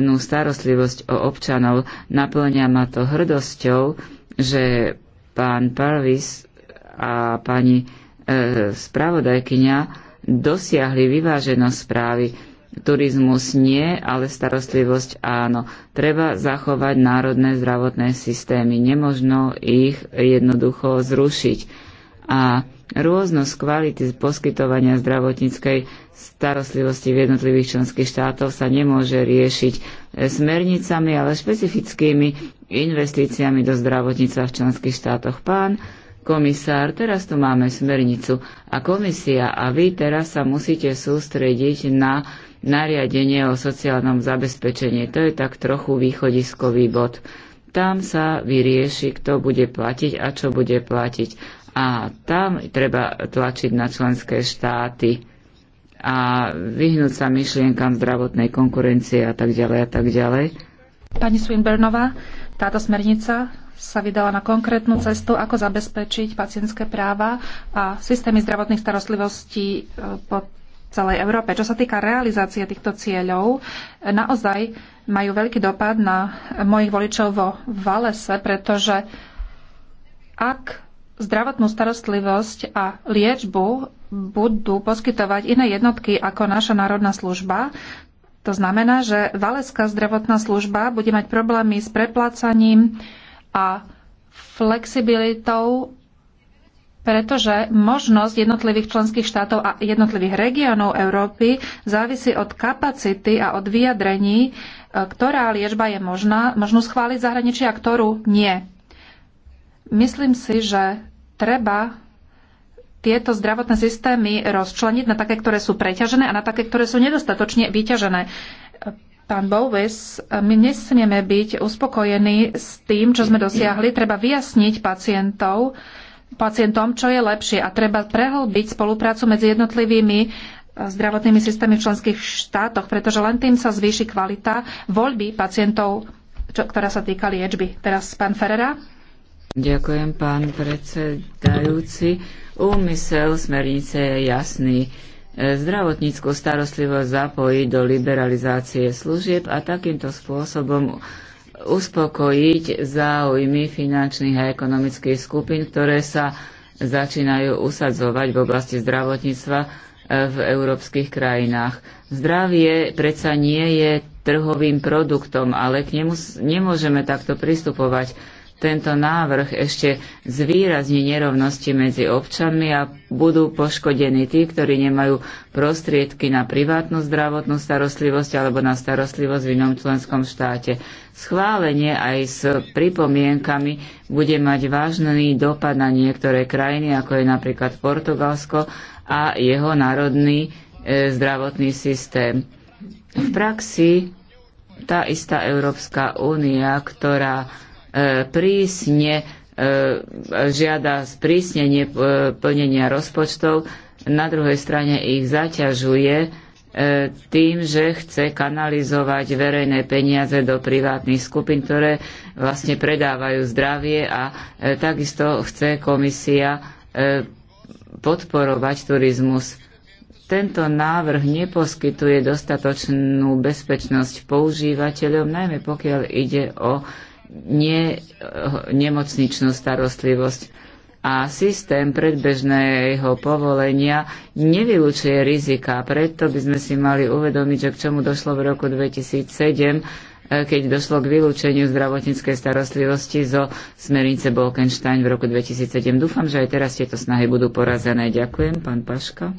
nú starostlivosť o občanov. Naplňa ma to hrdosťou, že pán Parvis a pani e, spravodajkyňa dosiahli vyváženosť správy. Turizmus nie, ale starostlivosť áno. Treba zachovať národné zdravotné systémy. Nemožno ich jednoducho zrušiť. A rôznosť kvality poskytovania zdravotníckej starostlivosti v jednotlivých členských štátoch sa nemôže riešiť e, smernicami, ale špecifickými investíciami do zdravotníca v členských štátoch. Pán komisár, teraz tu máme smernicu a komisia a vy teraz sa musíte sústrediť na nariadenie o sociálnom zabezpečení. To je tak trochu východiskový bod. Tam sa vyrieši, kto bude platiť a čo bude platiť. A tam treba tlačiť na členské štáty a vyhnúť sa myšlienkam zdravotnej konkurencie a tak ďalej a tak ďalej. Pani Swinburnová, táto smernica sa vydala na konkrétnu cestu, ako zabezpečiť pacientské práva a systémy zdravotných starostlivostí e, po celej Európe. Čo sa týka realizácie týchto cieľov, naozaj majú veľký dopad na mojich voličov vo Valese, pretože ak zdravotnú starostlivosť a liečbu budú poskytovať iné jednotky ako naša národná služba, to znamená, že Valeská zdravotná služba bude mať problémy s preplácaním, a flexibilitou, pretože možnosť jednotlivých členských štátov a jednotlivých regiónov Európy závisí od kapacity a od vyjadrení, e, ktorá liečba je možná, možno schváliť zahraničia, a ktorú nie. Myslím si, že treba tieto zdravotné systémy rozčleniť na také, ktoré sú preťažené a na také, ktoré sú nedostatočne vyťažené. Pán Bowis, my nesmieme byť uspokojení s tým, čo sme dosiahli. Treba vyjasniť pacientov, pacientom, čo je lepšie a treba prehlbiť spoluprácu medzi jednotlivými e, zdravotnými systémy v členských štátoch, pretože len tým sa zvýši kvalita voľby pacientov, čo, ktorá sa týka liečby. Teraz pán Ferrera. Ďakujem, pán predsedajúci. Úmysel smernice je jasný zdravotníckú starostlivosť zapojiť do liberalizácie služieb a takýmto spôsobom uspokojiť záujmy finančných a ekonomických skupín, ktoré sa začínajú usadzovať v oblasti zdravotníctva e, v európskych krajinách. Zdravie predsa nie je trhovým produktom, ale k nemu nemôžeme takto pristupovať tento návrh ešte zvýrazní nerovnosti medzi občanmi a budú poškodení tí, ktorí nemajú prostriedky na privátnu zdravotnú starostlivosť alebo na starostlivosť v inom členskom štáte. Schválenie aj s pripomienkami bude mať vážny dopad na niektoré krajiny, ako je napríklad Portugalsko a jeho národný e, zdravotný systém. V praxi tá istá Európska únia, ktorá E, prísne e, žiada sprísnenie e, plnenia rozpočtov, na druhej strane ich zaťažuje tým, že chce kanalizovať verejné peniaze do privátnych skupín, ktoré vlastne predávajú zdravie a takisto chce komisia podporovať turizmus. Tento návrh neposkytuje dostatočnú bezpečnosť používateľom, najmä pokiaľ ide o nie, nemocničnú starostlivosť. A systém predbežného povolenia nevylučuje rizika. Preto by sme si mali uvedomiť, že k čomu došlo v roku 2007, eh, keď došlo k vylúčeniu zdravotníckej starostlivosti zo smernice Bolkenstein v roku 2007. Dúfam, že aj teraz tieto snahy budú porazené. Ďakujem, pán Paška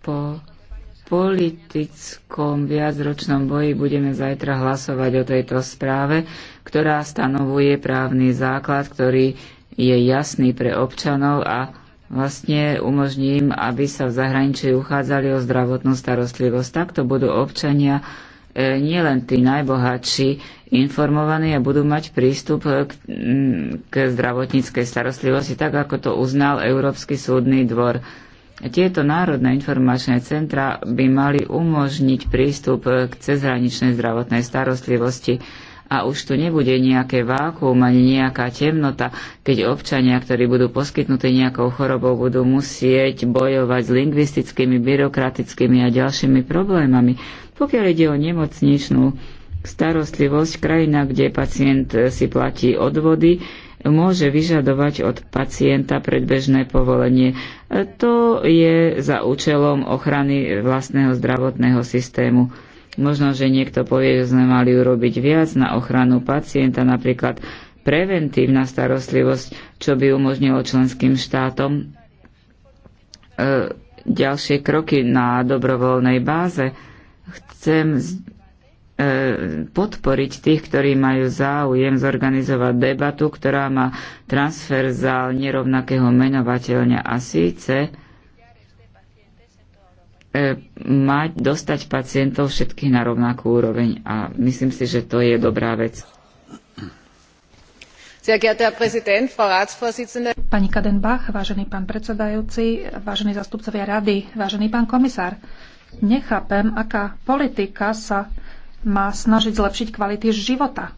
Po politickom viacročnom boji budeme zajtra hlasovať o tejto správe, ktorá stanovuje právny základ, ktorý je jasný pre občanov a vlastne umožním, aby sa v zahraničí uchádzali o zdravotnú starostlivosť. Takto budú občania e, nielen tí najbohatší informovaní a budú mať prístup k, mm, k zdravotníckej starostlivosti, tak ako to uznal Európsky súdny dvor. Tieto národné informačné centra by mali umožniť prístup k cezhraničnej zdravotnej starostlivosti a už tu nebude nejaké vákuum ani nejaká temnota, keď občania, ktorí budú poskytnutí nejakou chorobou, budú musieť bojovať s lingvistickými, byrokratickými a ďalšími problémami. Pokiaľ ide o nemocničnú starostlivosť, krajina, kde pacient si platí odvody, môže vyžadovať od pacienta predbežné povolenie. To je za účelom ochrany vlastného zdravotného systému. Možno, že niekto povie, že sme mali urobiť viac na ochranu pacienta, napríklad preventívna starostlivosť, čo by umožnilo členským štátom e, ďalšie kroky na dobrovoľnej báze. Chcem E, podporiť tých, ktorí majú záujem zorganizovať debatu, ktorá má transferzál nerovnakého menovateľňa a síce e, mať, dostať pacientov všetkých na rovnakú úroveň a myslím si, že to je dobrá vec. Pani Kadenbach, vážený pán predsedajúci, vážení zastupcovia rady, vážený pán komisár, nechápem, aká politika sa má snažiť zlepšiť kvality života.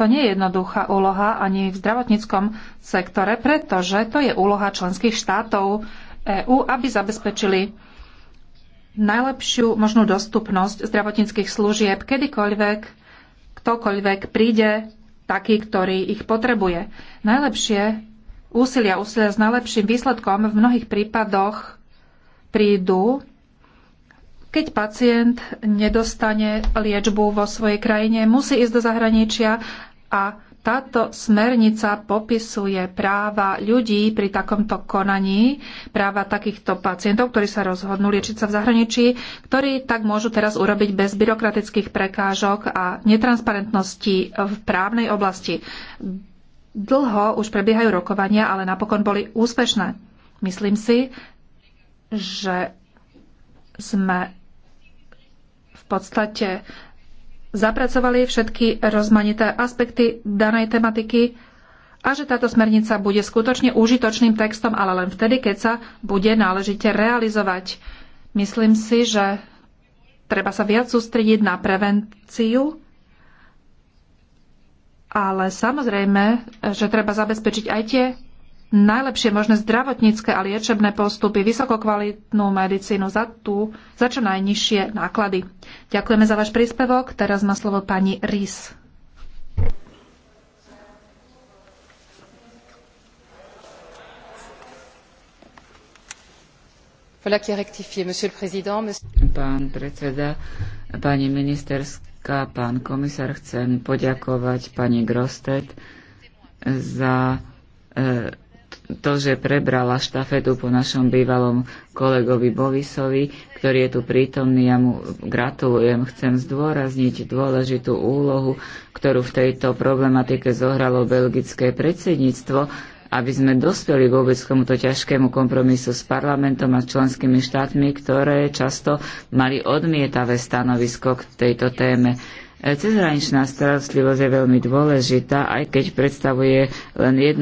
To nie je jednoduchá úloha ani v zdravotníckom sektore, pretože to je úloha členských štátov EÚ, aby zabezpečili najlepšiu možnú dostupnosť zdravotníckých služieb kedykoľvek, ktokoľvek príde, taký, ktorý ich potrebuje. Najlepšie úsilia, úsilia s najlepším výsledkom v mnohých prípadoch prídu keď pacient nedostane liečbu vo svojej krajine, musí ísť do zahraničia a táto smernica popisuje práva ľudí pri takomto konaní, práva takýchto pacientov, ktorí sa rozhodnú liečiť sa v zahraničí, ktorí tak môžu teraz urobiť bez byrokratických prekážok a netransparentnosti v právnej oblasti. Dlho už prebiehajú rokovania, ale napokon boli úspešné. Myslím si, že sme podstate zapracovali všetky rozmanité aspekty danej tematiky a že táto smernica bude skutočne užitočným textom, ale len vtedy, keď sa bude náležite realizovať. Myslím si, že treba sa viac sústrediť na prevenciu, ale samozrejme, že treba zabezpečiť aj tie najlepšie možné zdravotnícke a liečebné postupy, vysokokvalitnú medicínu za, tú, za čo najnižšie náklady. Ďakujeme za váš príspevok. Teraz má slovo pani Rís. Voilà qui monsieur le président. Pán predseda, pani ministerská, pán komisár, chcem poďakovať pani Grostet za e, to, že prebrala štafetu po našom bývalom kolegovi Bovisovi, ktorý je tu prítomný. Ja mu gratulujem. Chcem zdôrazniť dôležitú úlohu, ktorú v tejto problematike zohralo belgické predsedníctvo, aby sme dospeli vôbec k tomuto ťažkému kompromisu s parlamentom a členskými štátmi, ktoré často mali odmietavé stanovisko k tejto téme. Cezhraničná starostlivosť je veľmi dôležitá, aj keď predstavuje len 1%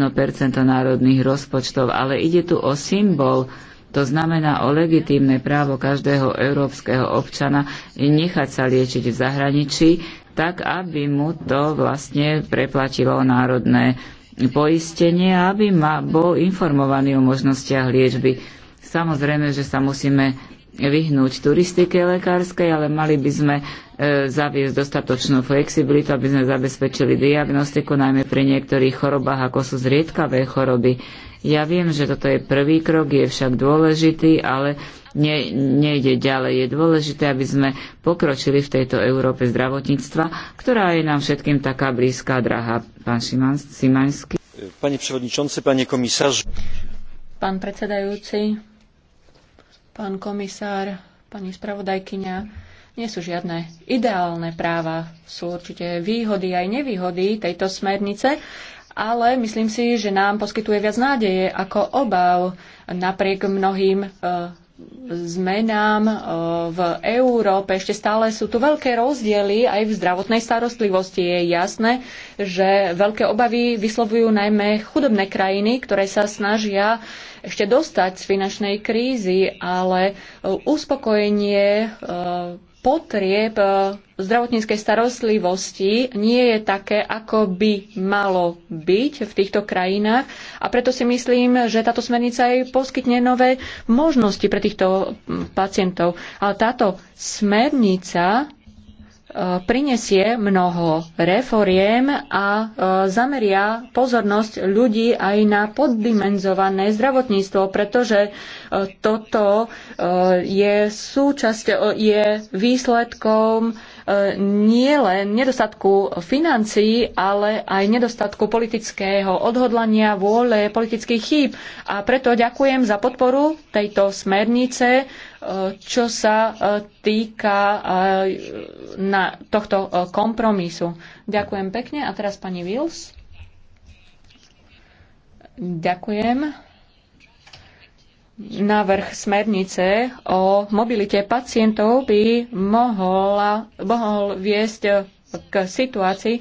národných rozpočtov, ale ide tu o symbol, to znamená o legitímne právo každého európskeho občana nechať sa liečiť v zahraničí, tak aby mu to vlastne preplatilo národné poistenie, aby ma bol informovaný o možnostiach liečby. Samozrejme, že sa musíme vyhnúť turistike lekárskej, ale mali by sme e, zaviesť dostatočnú flexibilitu, aby sme zabezpečili diagnostiku, najmä pri niektorých chorobách, ako sú zriedkavé choroby. Ja viem, že toto je prvý krok, je však dôležitý, ale ne, nejde ďalej. Je dôležité, aby sme pokročili v tejto Európe zdravotníctva, ktorá je nám všetkým taká blízka, drahá. Pán Šimanský. Pane przewodniczący, panie komisarzu. Pán predsedajúci, pán komisár, pani spravodajkyňa, nie sú žiadne ideálne práva. Sú určite výhody aj nevýhody tejto smernice, ale myslím si, že nám poskytuje viac nádeje ako obav napriek mnohým eh, zmenám eh, v Európe. Ešte stále sú tu veľké rozdiely aj v zdravotnej starostlivosti. Je jasné, že veľké obavy vyslovujú najmä chudobné krajiny, ktoré sa snažia ešte dostať z finančnej krízy, ale eh, uspokojenie eh, potrieb e, zdravotníckej starostlivosti nie je také, ako by malo byť v týchto krajinách a preto si myslím, že táto smernica aj poskytne nové možnosti pre týchto pacientov. Ale táto smernica E, prinesie mnoho reforiem a e, zameria pozornosť ľudí aj na poddimenzované zdravotníctvo, pretože e, toto je súčasť, je výsledkom nielen nedostatku financií, ale aj nedostatku politického odhodlania, vôle, politických chýb. A preto ďakujem za podporu tejto smernice čo sa e, týka e, na tohto e, kompromisu. Ďakujem pekne. A teraz pani Wills. Ďakujem návrh smernice o mobilite pacientov by mohla, mohol viesť k situácii,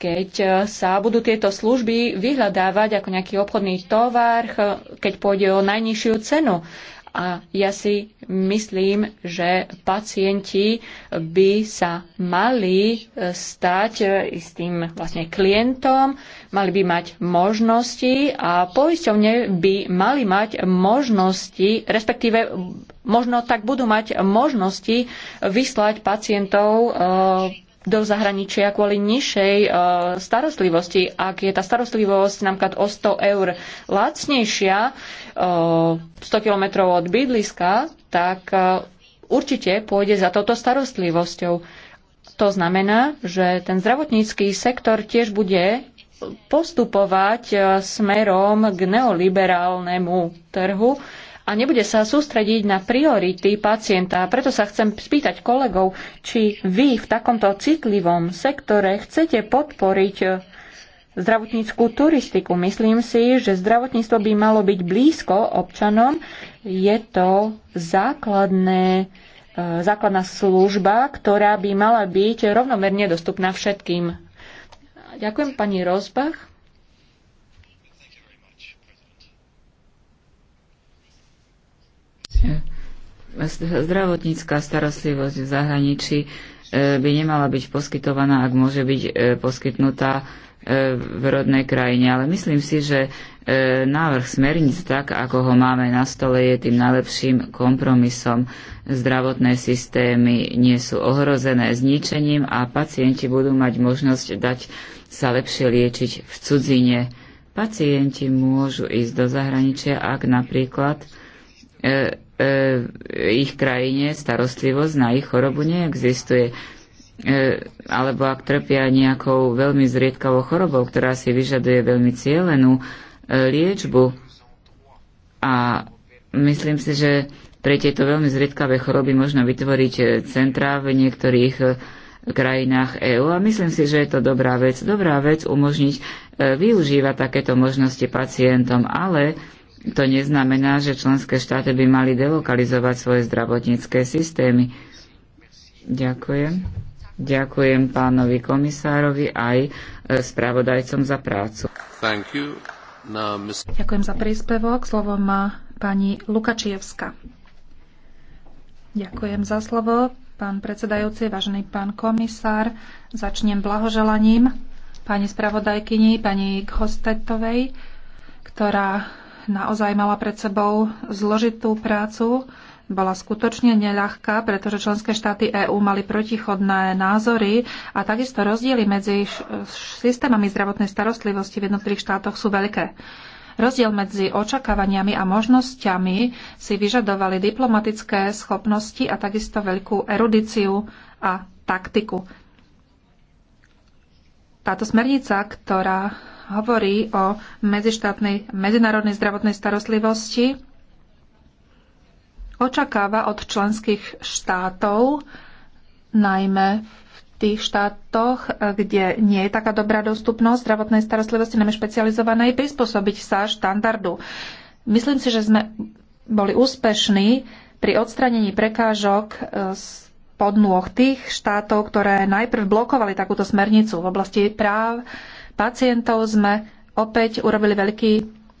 keď sa budú tieto služby vyhľadávať ako nejaký obchodný tovar, keď pôjde o najnižšiu cenu. A ja si myslím, že pacienti by sa mali e, stať e, istým vlastne klientom, mali by mať možnosti a poisťovne by mali mať možnosti, respektíve možno tak budú mať možnosti vyslať pacientov e, do zahraničia kvôli nižšej e, starostlivosti. Ak je tá starostlivosť napríklad o 100 eur lacnejšia 100 e, kilometrov od bydliska, tak e, určite pôjde za touto starostlivosťou. To znamená, že ten zdravotnícky sektor tiež bude postupovať smerom k neoliberálnemu trhu, a nebude sa sústrediť na priority pacienta. Preto sa chcem spýtať kolegov, či vy v takomto citlivom sektore chcete podporiť eh, zdravotníckú turistiku. Myslím si, že zdravotníctvo by malo byť blízko občanom. Je to základné eh, základná služba, ktorá by mala byť rovnomerne dostupná všetkým. Ďakujem pani Rozbach. zdravotnícká starostlivosť v zahraničí e, by nemala byť poskytovaná, ak môže byť e, poskytnutá e, v rodnej krajine. Ale myslím si, že návrh smerníc tak, ako ho máme na stole, je tým najlepším kompromisom. Zdravotné systémy nie sú ohrozené zničením a pacienti budú mať možnosť dať sa lepšie liečiť v cudzine. Pacienti môžu ísť do zahraničia, ak napríklad E, ich krajine starostlivosť na ich chorobu neexistuje. E, alebo ak trpia nejakou veľmi zriedkavou chorobou, ktorá si vyžaduje veľmi e, liečbu. A myslím si, že pre tieto veľmi zriedkavé choroby možno vytvoriť e, centrá v niektorých krajinách EÚ a myslím si, že je to dobrá vec. Dobrá vec umožniť využívať takéto možnosti pacientom, ale to neznamená, že členské štáty by mali delokalizovať svoje zdravotnícke systémy. Ďakujem. Ďakujem pánovi komisárovi aj e, spravodajcom za prácu. No, Ďakujem za príspevok. Slovo má pani Lukačievska. Ďakujem za slovo, pán predsedajúci, vážený pán komisár. Začnem blahoželaním pani spravodajkyni, pani Khostetovej, ktorá naozaj mala pred sebou zložitú prácu. Bola skutočne neľahká, pretože členské štáty EÚ mali protichodné názory a takisto rozdiely medzi systémami zdravotnej starostlivosti v jednotlivých štátoch sú veľké. Rozdiel medzi očakávaniami a možnosťami si vyžadovali diplomatické schopnosti a takisto veľkú erudíciu a taktiku. Táto smernica, ktorá hovorí o medzištátnej medzinárodnej zdravotnej starostlivosti, očakáva od členských štátov, najmä v tých štátoch, kde nie je taká dobrá dostupnosť zdravotnej starostlivosti, najmä špecializovanej, prispôsobiť sa štandardu. Myslím si, že sme boli úspešní pri odstranení prekážok e, z podnôh tých štátov, ktoré najprv blokovali takúto smernicu v oblasti práv pacientov sme opäť urobili veľký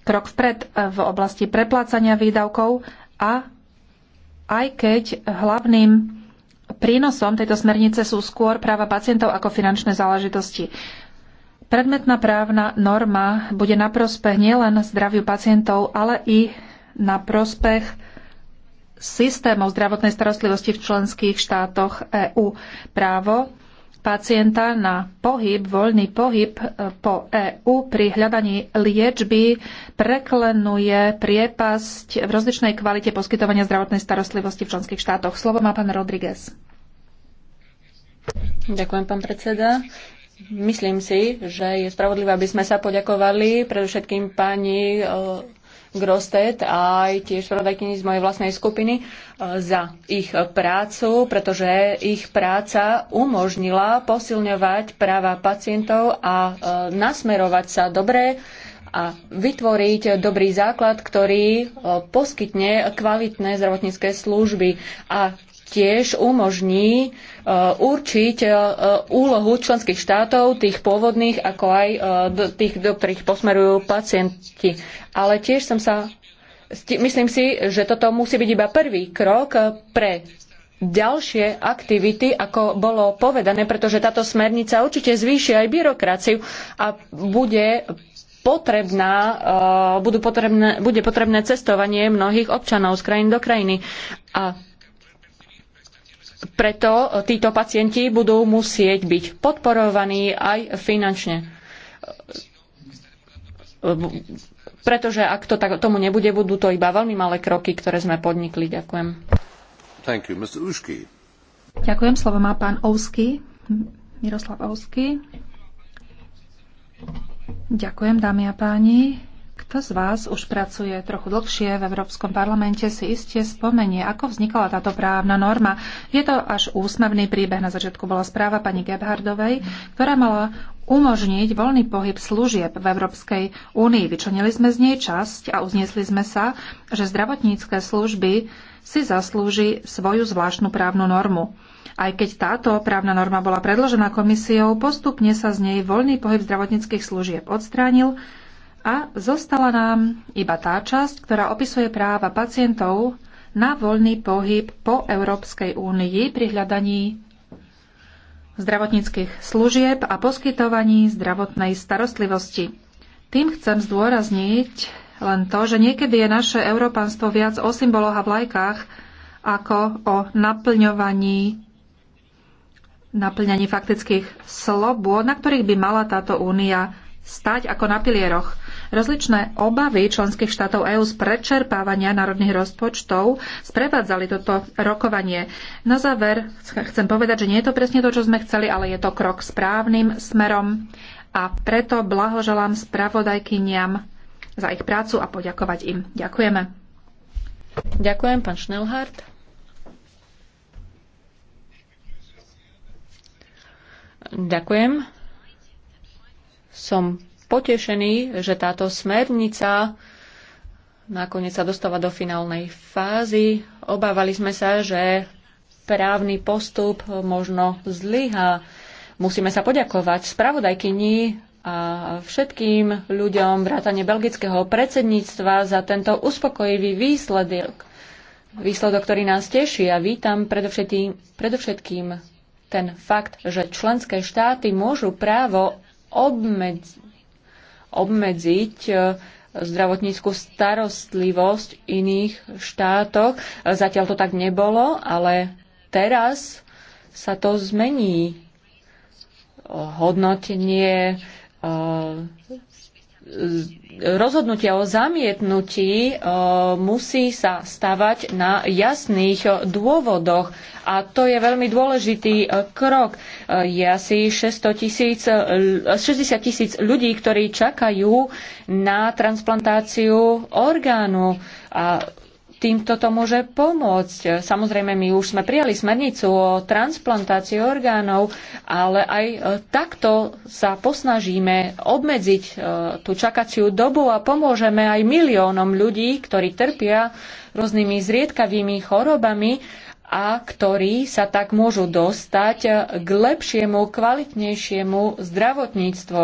krok vpred e, v oblasti preplácania výdavkov a aj keď hlavným prínosom tejto smernice sú skôr práva pacientov ako finančné záležitosti. Predmetná právna norma bude na prospech nielen zdraviu pacientov, ale i na prospech systémov zdravotnej starostlivosti v členských štátoch EÚ. Právo pacienta na pohyb, voľný pohyb e, po EÚ pri hľadaní liečby preklenuje priepasť v rozličnej kvalite poskytovania zdravotnej starostlivosti v členských štátoch. Slovo má pán Rodriguez. Ďakujem, pán predseda. Myslím si, že je spravodlivé, aby sme sa poďakovali predovšetkým pani e, Grostet a aj tiež spravodajkyni z mojej vlastnej skupiny e, za ich prácu, pretože ich práca umožnila posilňovať práva pacientov a e, nasmerovať sa dobre a vytvoriť dobrý základ, ktorý e, poskytne kvalitné zdravotnícke služby. A tiež umožní e, určiť e, úlohu členských štátov, tých pôvodných, ako aj e, tých, do ktorých posmerujú pacienti. Ale tiež som sa. Myslím si, že toto musí byť iba prvý krok pre ďalšie aktivity, ako bolo povedané, pretože táto smernica určite zvýši aj byrokraciu a bude potrebná, budú potrebné, bude potrebné cestovanie mnohých občanov z krajín do krajiny. A preto e, títo pacienti budú musieť byť podporovaní aj finančne. E, e, pretože ak to tak, tomu nebude, budú to iba veľmi malé kroky, ktoré sme podnikli. Ďakujem. Thank you, Mr. Ušky. Ďakujem. Slovo má pán Ousky. Miroslav Ousky. Ďakujem, dámy a páni. Kto z vás už pracuje trochu dlhšie v Európskom parlamente, si iste spomenie, ako vznikala táto právna norma. Je to až úsmavný príbeh. Na začiatku bola správa pani Gebhardovej, ktorá mala umožniť voľný pohyb služieb v Európskej únii. Vyčlenili sme z nej časť a uznesli sme sa, že zdravotnícke služby si zaslúži svoju zvláštnu právnu normu. Aj keď táto právna norma bola predložená komisiou, postupne sa z nej voľný pohyb zdravotníckých služieb odstránil a zostala nám iba tá časť, ktorá opisuje práva pacientov na voľný pohyb po Európskej únii pri hľadaní zdravotníckých služieb a poskytovaní zdravotnej starostlivosti. Tým chcem zdôrazniť len to, že niekedy je naše európanstvo viac o symboloch a vlajkách ako o naplňovaní naplňaní faktických slobôd, na ktorých by mala táto únia stať ako na pilieroch. Rozličné obavy členských štátov EÚ z prečerpávania národných rozpočtov sprevádzali toto rokovanie. Na záver chcem povedať, že nie je to presne to, čo sme chceli, ale je to krok správnym smerom a preto blahoželám spravodajkyniam za ich prácu a poďakovať im. Ďakujeme. Ďakujem, pán Schnellhardt. Ďakujem. Som potešení, že táto smernica nakoniec sa dostáva do finálnej fázy. Obávali sme sa, že právny postup možno zlyha. Musíme sa poďakovať spravodajkyni a všetkým ľuďom vrátane belgického predsedníctva za tento uspokojivý výsledok, výsledok, ktorý nás teší a vítam predovšetkým, predovšetkým ten fakt, že členské štáty môžu právo obmedziť obmedziť e, zdravotníckú starostlivosť iných štátok. E, zatiaľ to tak nebolo, ale teraz sa to zmení. Hodnotenie e, rozhodnutia o zamietnutí e, musí sa stavať na jasných dôvodoch a to je veľmi dôležitý e, krok. E, je asi 600 tisíc, 60 tisíc ľudí, ktorí čakajú na transplantáciu orgánu a týmto to môže pomôcť. Samozrejme, my už sme prijali smernicu o transplantácii orgánov, ale aj e, takto sa posnažíme obmedziť e, tú čakaciu dobu a pomôžeme aj miliónom ľudí, ktorí trpia rôznymi zriedkavými chorobami a ktorí sa tak môžu dostať e, k lepšiemu, kvalitnejšiemu zdravotníctvu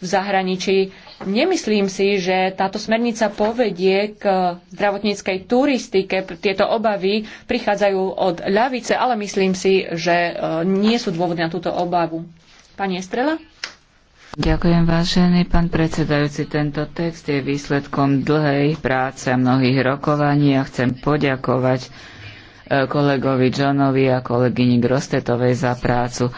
v zahraničí. Nemyslím si, že táto smernica povedie k zdravotníckej turistike. Tieto obavy prichádzajú od ľavice, ale myslím si, že e, nie sú dôvody na túto obavu. Pani Estrela? Ďakujem, vážený pán predsedajúci. Tento text je výsledkom dlhej práce a mnohých rokovaní a chcem poďakovať e, kolegovi Johnovi a kolegyni Grostetovej za prácu.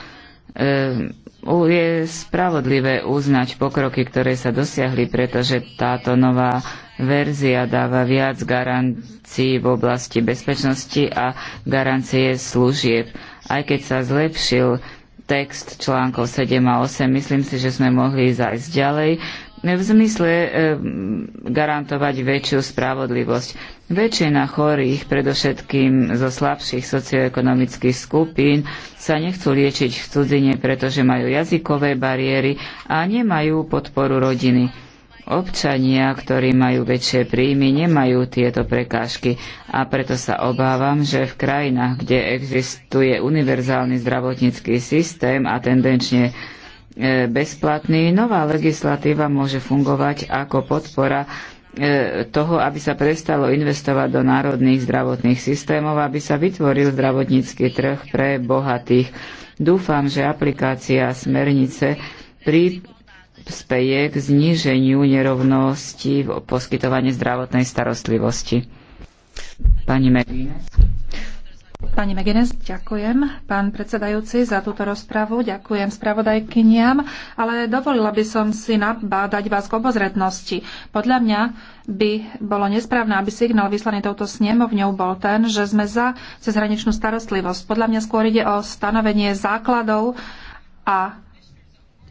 Ehm, je spravodlivé uznať pokroky, ktoré sa dosiahli, pretože táto nová verzia dáva viac garancií v oblasti bezpečnosti a garancie služieb. Aj keď sa zlepšil text článkov 7 a 8, myslím si, že sme mohli ísť ďalej, v zmysle e, garantovať väčšiu spravodlivosť. Väčšina chorých, predovšetkým zo slabších socioekonomických skupín, sa nechcú liečiť v cudzine, pretože majú jazykové bariéry a nemajú podporu rodiny. Občania, ktorí majú väčšie príjmy, nemajú tieto prekážky a preto sa obávam, že v krajinách, kde existuje univerzálny zdravotnícky systém a tendenčne E, bezplatný. Nová legislatíva môže fungovať ako podpora e, toho, aby sa prestalo investovať do národných zdravotných systémov, aby sa vytvoril zdravotnícky trh pre bohatých. Dúfam, že aplikácia smernice prispeje k zníženiu nerovnosti v poskytovaní zdravotnej starostlivosti. Pani Medina. Pani Megines, ďakujem, pán predsedajúci, za túto rozpravu. Ďakujem spravodajkyniam, ale dovolila by som si nabádať vás k obozretnosti. Podľa mňa by bolo nesprávne, aby signál vyslaný touto snemovňou bol ten, že sme za cezhraničnú starostlivosť. Podľa mňa skôr ide o stanovenie základov a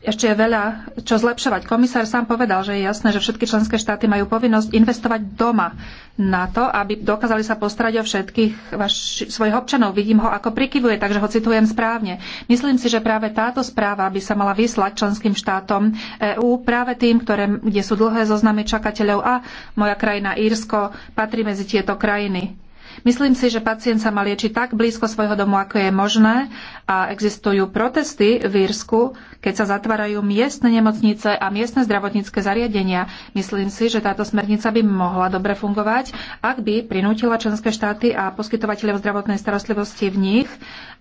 ešte je veľa čo zlepšovať. Komisár sám povedal, že je jasné, že všetky členské štáty majú povinnosť investovať doma na to, aby dokázali sa postrať o všetkých vaš, svojich občanov. Vidím ho, ako prikyvuje, takže ho citujem správne. Myslím si, že práve táto správa by sa mala vyslať členským štátom EÚ, práve tým, ktoré, kde sú dlhé zoznamy čakateľov a moja krajina Írsko patrí medzi tieto krajiny Myslím si, že pacient sa má liečiť tak blízko svojho domu, ako je možné a existujú protesty v Írsku, keď sa zatvárajú miestne nemocnice a miestne zdravotnícke zariadenia. Myslím si, že táto smernica by mohla dobre fungovať, ak by prinútila členské štáty a poskytovateľov zdravotnej starostlivosti v nich,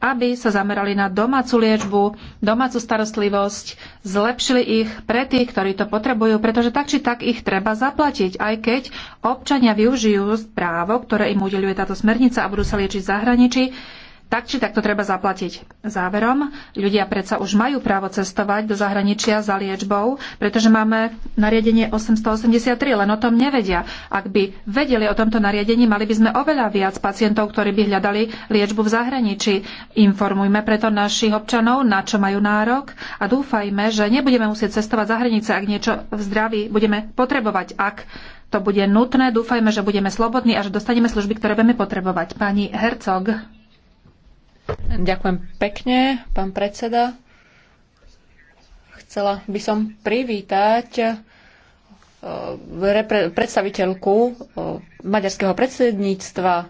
aby sa zamerali na domácu liečbu, domácu starostlivosť, zlepšili ich pre tých, ktorí to potrebujú, pretože tak či tak ich treba zaplatiť, aj keď občania využijú právo, ktoré im udeľuje táto smernica a budú sa liečiť v zahraničí, tak či tak to treba zaplatiť. Záverom, ľudia predsa už majú právo cestovať do zahraničia za liečbou, pretože máme nariadenie 883, len o tom nevedia. Ak by vedeli o tomto nariadení, mali by sme oveľa viac pacientov, ktorí by hľadali liečbu v zahraničí. Informujme preto našich občanov, na čo majú nárok a dúfajme, že nebudeme musieť cestovať za hranice, ak niečo v zdraví budeme potrebovať, ak to bude nutné. Dúfajme, že budeme slobodní a že dostaneme služby, ktoré budeme potrebovať. Pani Hercog. Ďakujem pekne, pán predseda. Chcela by som privítať e, predstaviteľku e, maďarského predsedníctva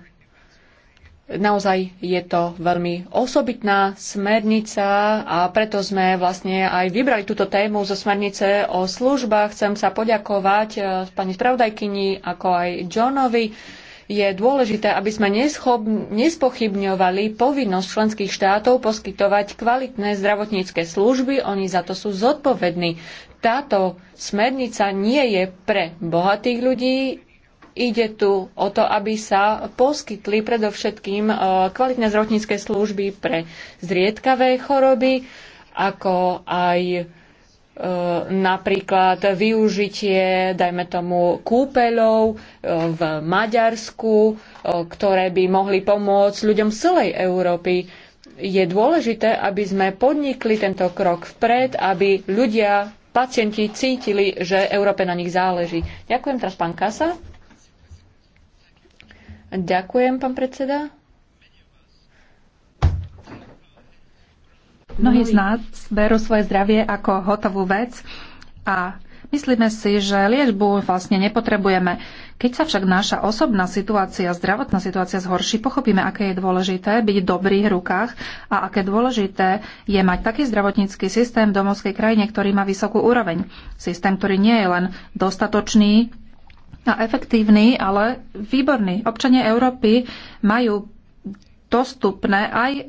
Naozaj je to veľmi osobitná smernica a preto sme vlastne aj vybrali túto tému zo smernice o službách. Chcem sa poďakovať e, pani spravodajkyni ako aj Johnovi. Je dôležité, aby sme nespochybňovali povinnosť členských štátov poskytovať kvalitné zdravotnícke služby. Oni za to sú zodpovední. Táto smernica nie je pre bohatých ľudí, Ide tu o to, aby sa poskytli predovšetkým e, kvalitné zdravotnícke služby pre zriedkavé choroby, ako aj e, napríklad využitie, dajme tomu, kúpeľov e, v Maďarsku, ktoré by mohli pomôcť ľuďom z celej Európy. Je dôležité, aby sme podnikli tento krok vpred, aby ľudia, pacienti cítili, že Európe na nich záleží. Ďakujem teraz pán Kasa. Ďakujem, pán predseda. Mnohí z nás berú svoje zdravie ako hotovú vec a myslíme si, že liečbu vlastne nepotrebujeme. Keď sa však naša osobná situácia, zdravotná situácia zhorší, pochopíme, aké je dôležité byť v dobrých rukách a aké dôležité je mať taký zdravotnícky systém v domovskej krajine, ktorý má vysokú úroveň. Systém, ktorý nie je len dostatočný, a efektívny, ale výborný. Občania Európy majú dostupné aj e,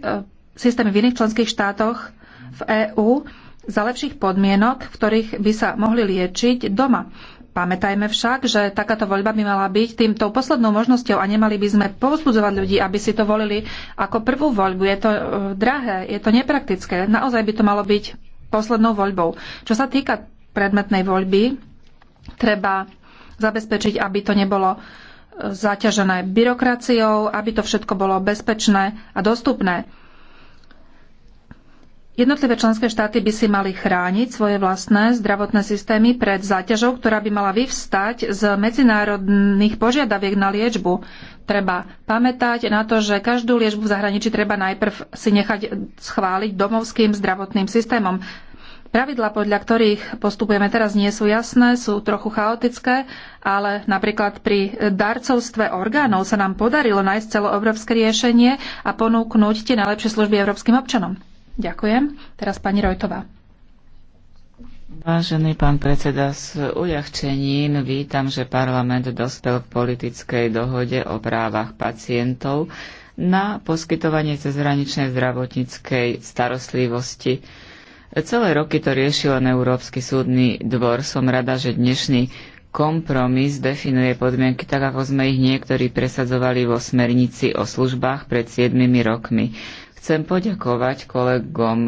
systémy v iných členských štátoch v EÚ za lepších podmienok, v ktorých by sa mohli liečiť doma. Pamätajme však, že takáto voľba by mala byť týmto poslednou možnosťou a nemali by sme povzbudzovať ľudí, aby si to volili ako prvú voľbu. Je to e, drahé, je to nepraktické. Naozaj by to malo byť poslednou voľbou. Čo sa týka predmetnej voľby, treba zabezpečiť, aby to nebolo e, zaťažené byrokraciou, aby to všetko bolo bezpečné a dostupné. Jednotlivé členské štáty by si mali chrániť svoje vlastné zdravotné systémy pred záťažou, ktorá by mala vyvstať z medzinárodných požiadaviek na liečbu. Treba pamätať na to, že každú liečbu v zahraničí treba najprv si nechať schváliť domovským zdravotným systémom. Pravidla, podľa ktorých postupujeme teraz, nie sú jasné, sú trochu chaotické, ale napríklad pri darcovstve orgánov sa nám podarilo nájsť celoobrovské riešenie a ponúknuť tie najlepšie služby európskym občanom. Ďakujem. Teraz pani Rojtová. Vážený pán predseda, s uľahčením vítam, že parlament dospel k politickej dohode o právach pacientov na poskytovanie cezhraničnej zdravotníckej starostlivosti. Celé roky to riešil len Európsky súdny dvor. Som rada, že dnešný kompromis definuje podmienky tak, ako sme ich niektorí presadzovali vo smernici o službách pred 7 rokmi. Chcem poďakovať kolegom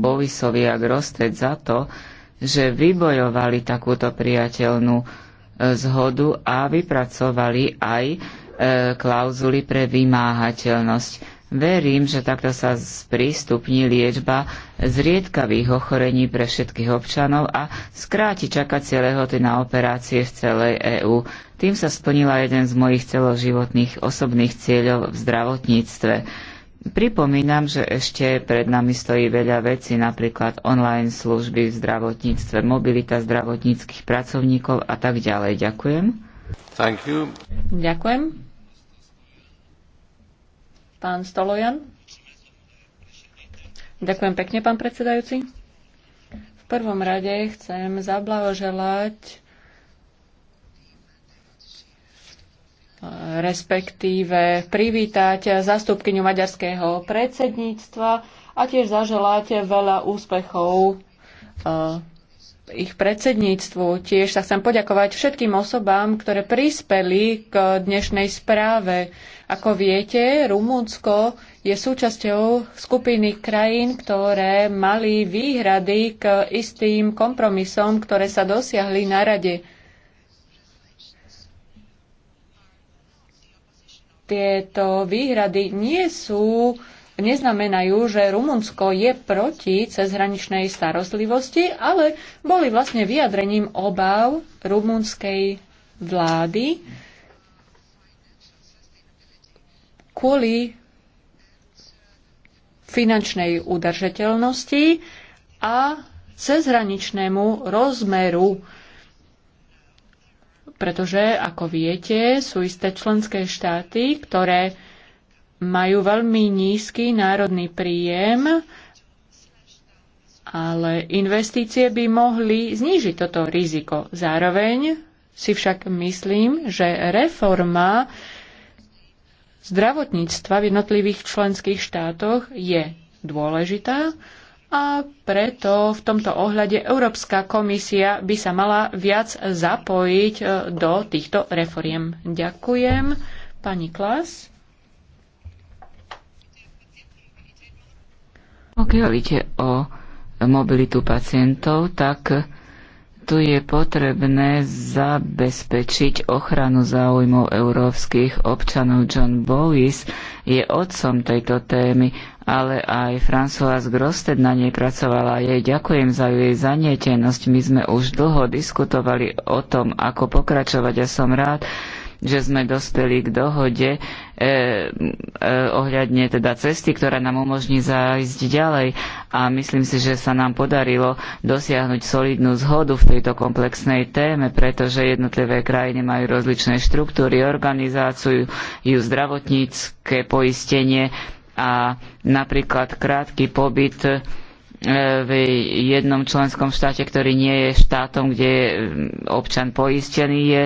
Bovisovi a Grosted za to, že vybojovali takúto priateľnú e, zhodu a vypracovali aj e, klauzuly pre vymáhateľnosť. Verím, že takto sa sprístupní liečba zriedkavých ochorení pre všetkých občanov a skráti čakacie lehoty na operácie v celej EÚ. Tým sa splnila jeden z mojich celoživotných osobných cieľov v zdravotníctve. Pripomínam, že ešte pred nami stojí veľa vecí, napríklad online služby v zdravotníctve, mobilita zdravotníckých pracovníkov a tak ďalej. Ďakujem. Thank you. Ďakujem. Pán Stolojan. Ďakujem pekne, pán predsedajúci. V prvom rade chcem zablahoželať eh, respektíve privítať zastupkyňu maďarského predsedníctva a tiež zaželať veľa úspechov eh, ich predsedníctvu. Tiež sa chcem poďakovať všetkým osobám, ktoré prispeli k dnešnej správe. Ako viete, Rumunsko je súčasťou skupiny krajín, ktoré mali výhrady k istým kompromisom, ktoré sa dosiahli na rade. Tieto výhrady nie sú uh, neznamenajú, že Rumunsko je proti cezhraničnej starostlivosti, ale boli vlastne vyjadrením obav rumunskej vlády kvôli finančnej udržateľnosti a cezhraničnému rozmeru pretože, ako viete, sú isté členské štáty, ktoré majú veľmi nízky národný príjem, ale investície by mohli znížiť toto riziko. Zároveň si však myslím, že reforma zdravotníctva v jednotlivých členských štátoch je dôležitá a preto v tomto ohľade Európska komisia by sa mala viac zapojiť e, do týchto reforiem. Ďakujem. Pani Klas. Pokiaľ ide o mobilitu pacientov, tak tu je potrebné zabezpečiť ochranu záujmov európskych občanov. John Bowis je otcom tejto témy, ale aj François Grosted na nej pracovala. Jej ďakujem za jej zanietenosť. My sme už dlho diskutovali o tom, ako pokračovať a ja som rád, že sme dospeli k dohode e, e, ohľadne teda cesty, ktorá nám umožní zájsť ďalej a myslím si, že sa nám podarilo dosiahnuť solidnú zhodu v tejto komplexnej téme, pretože jednotlivé krajiny majú rozličné štruktúry, organizáciu, ju zdravotnícke poistenie a napríklad krátky pobyt e, v jednom členskom štáte, ktorý nie je štátom, kde je občan poistený, je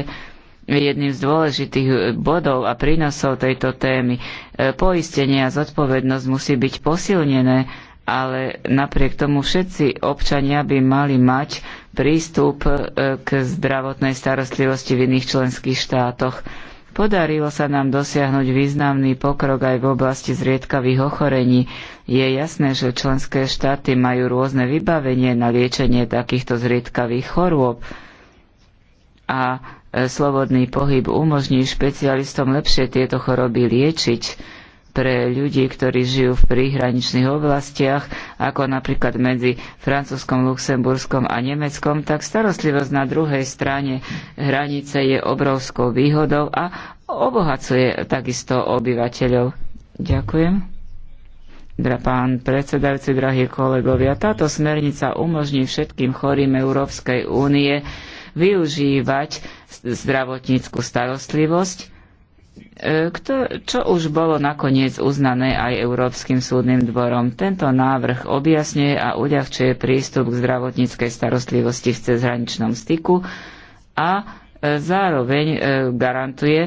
jedným z dôležitých e, bodov a prínosov tejto témy. E, poistenie a zodpovednosť musí byť posilnené, ale napriek tomu všetci občania by mali mať prístup e, k zdravotnej starostlivosti v iných členských štátoch. Podarilo sa nám dosiahnuť významný pokrok aj v oblasti zriedkavých ochorení. Je jasné, že členské štáty majú rôzne vybavenie na liečenie takýchto zriedkavých chorôb. A slobodný pohyb umožní špecialistom lepšie tieto choroby liečiť pre ľudí, ktorí žijú v príhraničných oblastiach, ako napríklad medzi Francúzskom, Luxemburskom a Nemeckom, tak starostlivosť na druhej strane hranice je obrovskou výhodou a obohacuje takisto obyvateľov. Ďakujem. Dra pán predsedajúci, drahí kolegovia, táto smernica umožní všetkým chorým Európskej únie využívať zdravotníckú starostlivosť, e, kto, čo už bolo nakoniec uznané aj Európskym súdnym dvorom. Tento návrh objasňuje a uľahčuje prístup k zdravotníckej starostlivosti v cezhraničnom styku a e, zároveň e, garantuje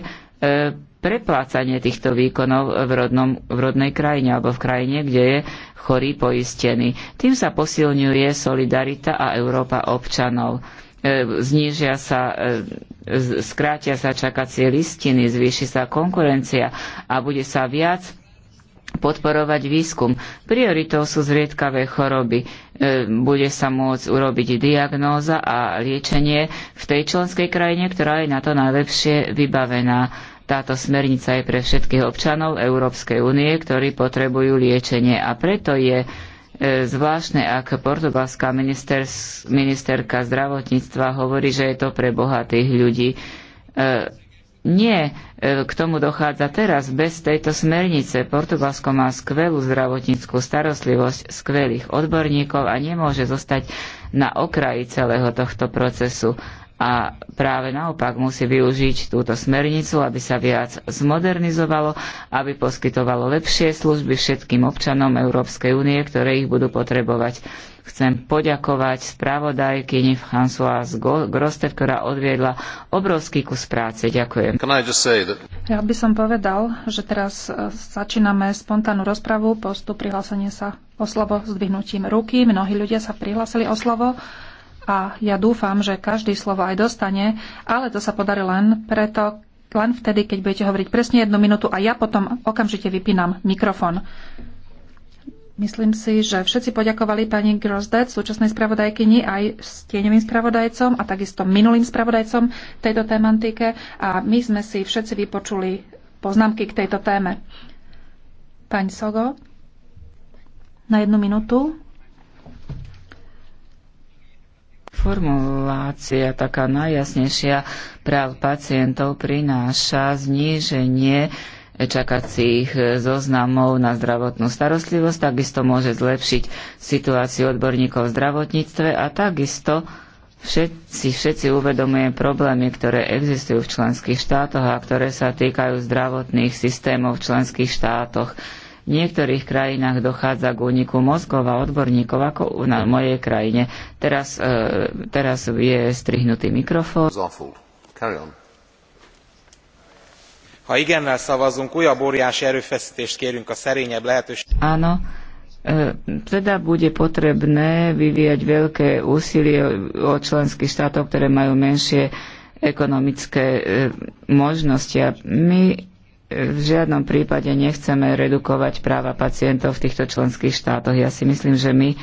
preplácanie týchto výkonov v, rodnom, v rodnej krajine alebo v krajine, kde je chorý poistený. Tým sa posilňuje solidarita a Európa občanov. E, znížia sa, e, skrátia sa čakacie listiny, zvýši sa konkurencia a bude sa viac podporovať výskum. Prioritou sú zriedkavé choroby. E, bude sa môcť urobiť diagnóza a liečenie v tej členskej krajine, ktorá je na to najlepšie vybavená. Táto smernica je pre všetkých občanov Európskej únie, ktorí potrebujú liečenie a preto je E, zvláštne, ak portugalská ministerka zdravotníctva hovorí, že je to pre bohatých ľudí. E, nie, e, k tomu dochádza teraz bez tejto smernice. Portugalsko má skvelú zdravotníckú starostlivosť, skvelých odborníkov a nemôže zostať na okraji celého tohto procesu a práve naopak musí využiť túto smernicu, aby sa viac zmodernizovalo, aby poskytovalo lepšie služby všetkým občanom Európskej únie, ktoré ich budú potrebovať. Chcem poďakovať spravodajkyni Françoise Grostev, ktorá odviedla obrovský kus práce. Ďakujem. Ja by som povedal, že teraz e, začíname spontánnu rozpravu, postup prihlásenie sa o slovo s dvihnutím ruky. Mnohí ľudia sa prihlásili o slovo a ja dúfam, že každý slovo aj dostane, ale to sa podarí len preto, len vtedy, keď budete hovoriť presne jednu minútu a ja potom okamžite vypínam mikrofón. Myslím si, že všetci poďakovali pani Grosdet, súčasnej spravodajkyni, aj stieňovým spravodajcom a takisto minulým spravodajcom tejto témantike a my sme si všetci vypočuli poznámky k tejto téme. Pani Sogo, na jednu minútu. formulácia taká najjasnejšia práv pacientov prináša zníženie čakacích zoznamov na zdravotnú starostlivosť, takisto môže zlepšiť situáciu odborníkov v zdravotníctve a takisto všetci, všetci uvedomujem problémy, ktoré existujú v členských štátoch a ktoré sa týkajú zdravotných systémov v členských štátoch. V niektorých krajinách dochádza k úniku mozgov a odborníkov, ako na mojej krajine. Teraz, e, teraz je strihnutý mikrofón. Ha igennel szavazunk, újabb óriási erőfeszítést kérünk a szerényebb lehetőség. Áno, e, teda bude potrebné vyvíjať veľké úsilie od členských štátov, ktoré majú menšie ekonomické e, možnosti. A my v žiadnom prípade nechceme redukovať práva pacientov v týchto členských štátoch. Ja si myslím, že my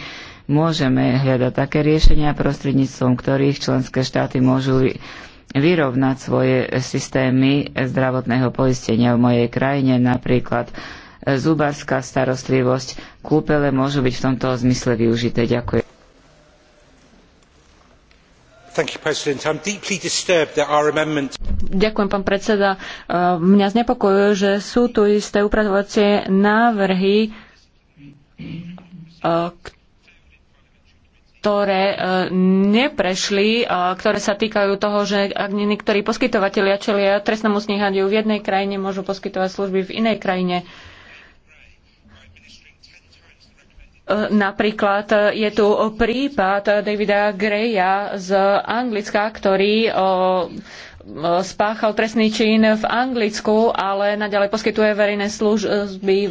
môžeme hľadať také riešenia, prostredníctvom ktorých členské štáty môžu vyrovnať svoje systémy zdravotného poistenia v mojej krajine, napríklad e, zubárska starostlivosť, kúpele môžu byť v tomto zmysle využité. Ďakujem. Ďakujem, pán predseda. E, mňa znepokojuje, že sú tu isté upravovacie návrhy, e, ktoré e, neprešli, ktoré sa týkajú toho, že ak niektorí poskytovateľia čelia trestnému stíhaniu v jednej krajine, môžu poskytovať služby v inej krajine. Uh, Napríklad je tu prípad Davida Greya z Anglicka, ktorý spáchal trestný čin v Anglicku, ale naďalej poskytuje verejné služby v,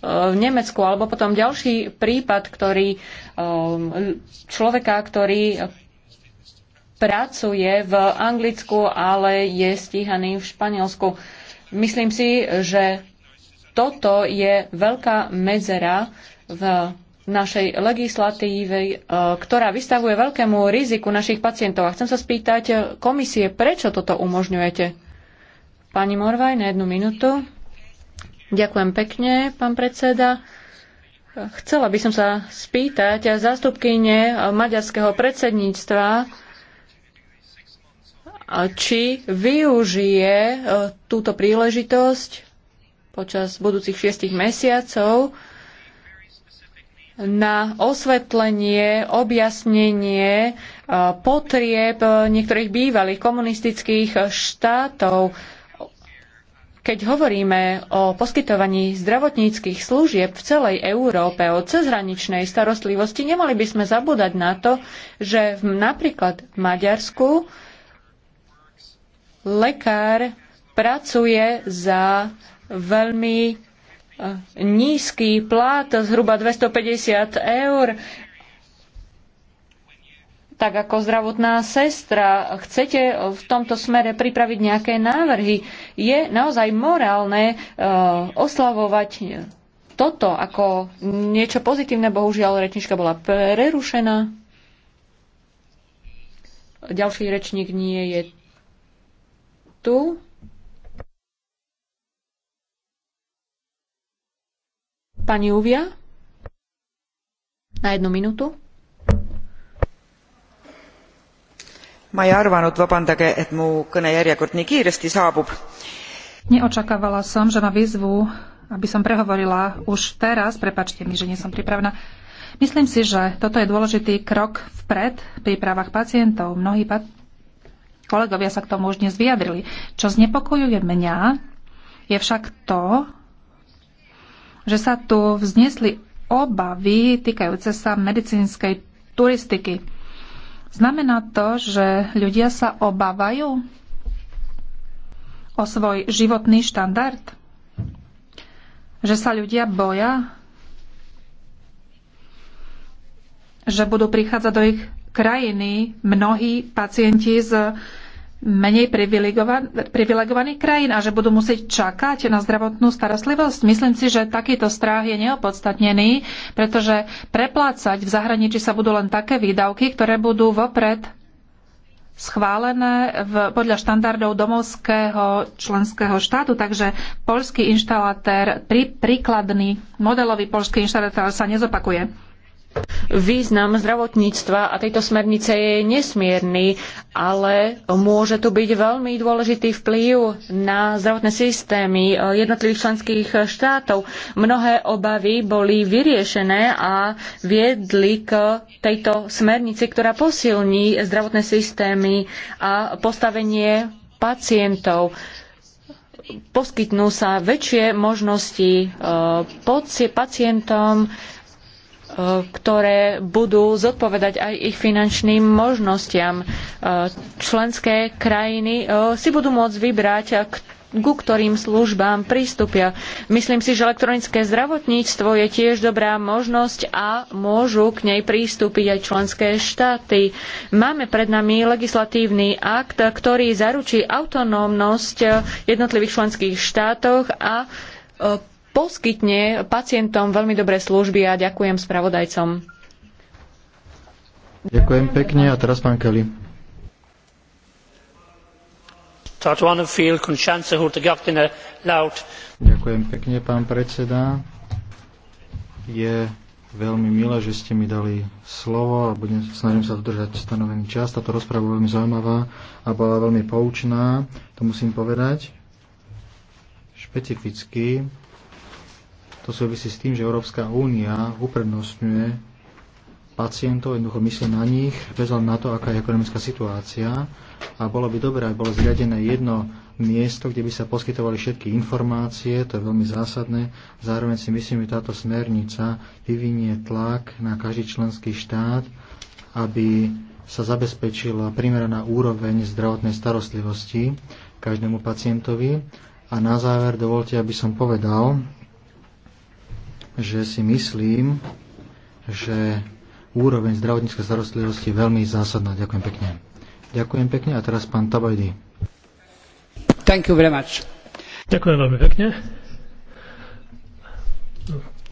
v Nemecku. Alebo potom ďalší prípad, ktorý človeka, ktorý pracuje v Anglicku, ale je stíhaný v Španielsku. Myslím si, že toto je veľká medzera v našej legislatíve, ktorá vystavuje veľkému riziku našich pacientov. A chcem sa spýtať e, komisie, prečo toto umožňujete? Pani Morvaj, na jednu minútu. Ďakujem pekne, pán predseda. Chcela by som sa spýtať zástupkyne maďarského predsedníctva, či využije e, túto príležitosť počas budúcich šiestich mesiacov, na osvetlenie, objasnenie e, potrieb e, niektorých bývalých komunistických štátov. Keď hovoríme o poskytovaní zdravotníckých služieb v celej Európe, o cezhraničnej starostlivosti, nemali by sme zabúdať na to, že napríklad v Maďarsku lekár pracuje za veľmi nízky plat, zhruba 250 eur, tak ako zdravotná sestra, chcete v tomto smere pripraviť nejaké návrhy, je naozaj morálne e, oslavovať toto ako niečo pozitívne. Bohužiaľ, rečnička bola prerušená. Ďalší rečník nie je tu. Pani Uvia? Na jednu minútu. ma ei arvanud vabandage et mu kõne järjekord nii kiiresti saabub neočakávala som že ma vyzvú aby som prehovorila už teraz prepačte mi že nie som pripravená myslím si že toto je dôležitý krok vpred pri právach pacientov mnohí pa- kolegovia sa k tomu už dnes vyjadrili čo znepokojuje mňa je však to že sa tu vznesli obavy týkajúce sa medicínskej turistiky. Znamená to, že ľudia sa obávajú o svoj životný štandard? Že sa ľudia boja, že budú prichádzať do ich krajiny mnohí pacienti s menej privilegovaných krajín a že budú musieť čakať na zdravotnú starostlivosť. Myslím si, že takýto strach je neopodstatnený, pretože preplácať v zahraničí sa budú len také výdavky, ktoré budú vopred schválené v, podľa štandardov domovského členského štátu, takže polský inštalatér, pri, príkladný modelový polský inštalatér sa nezopakuje. Význam zdravotníctva a tejto smernice je nesmierny, ale môže tu byť veľmi dôležitý vplyv na zdravotné systémy jednotlivých členských štátov. Mnohé obavy boli vyriešené a viedli k tejto smernici, ktorá posilní zdravotné systémy a postavenie pacientov poskytnú sa väčšie možnosti eh, pacientom E, ktoré budú zodpovedať aj ich finančným možnostiam. E, členské krajiny e, si budú môcť vybrať, ku ktorým službám prístupia. Myslím si, že elektronické zdravotníctvo je tiež dobrá možnosť a môžu k nej prístúpiť aj členské štáty. Máme pred nami legislatívny akt, ktorý zaručí autonómnosť jednotlivých členských štátoch a poskytne pacientom veľmi dobré služby a ďakujem spravodajcom. Ďakujem pekne a teraz pán Kelly. Ďakujem pekne, pán predseda. Je veľmi milé, že ste mi dali slovo a budem, snažím sa dodržať stanovený čas. Táto rozpráva veľmi zaujímavá a bola veľmi poučná, to musím povedať. Špecificky to súvisí s tým, že Európska únia uprednostňuje pacientov, jednoducho myslí na nich, bez na to, aká je ekonomická situácia. A bolo by dobré, aby bolo zriadené jedno miesto, kde by sa poskytovali všetky informácie, to je veľmi zásadné. Zároveň si myslím, že táto smernica vyvinie tlak na každý členský štát, aby sa zabezpečila primeraná úroveň zdravotnej starostlivosti každému pacientovi. A na záver dovolte, aby som povedal, že si myslím, že úroveň zdravotníckej starostlivosti je veľmi zásadná. Ďakujem pekne. Ďakujem pekne a teraz pán Tabajdy. Thank you very much. Ďakujem veľmi pekne.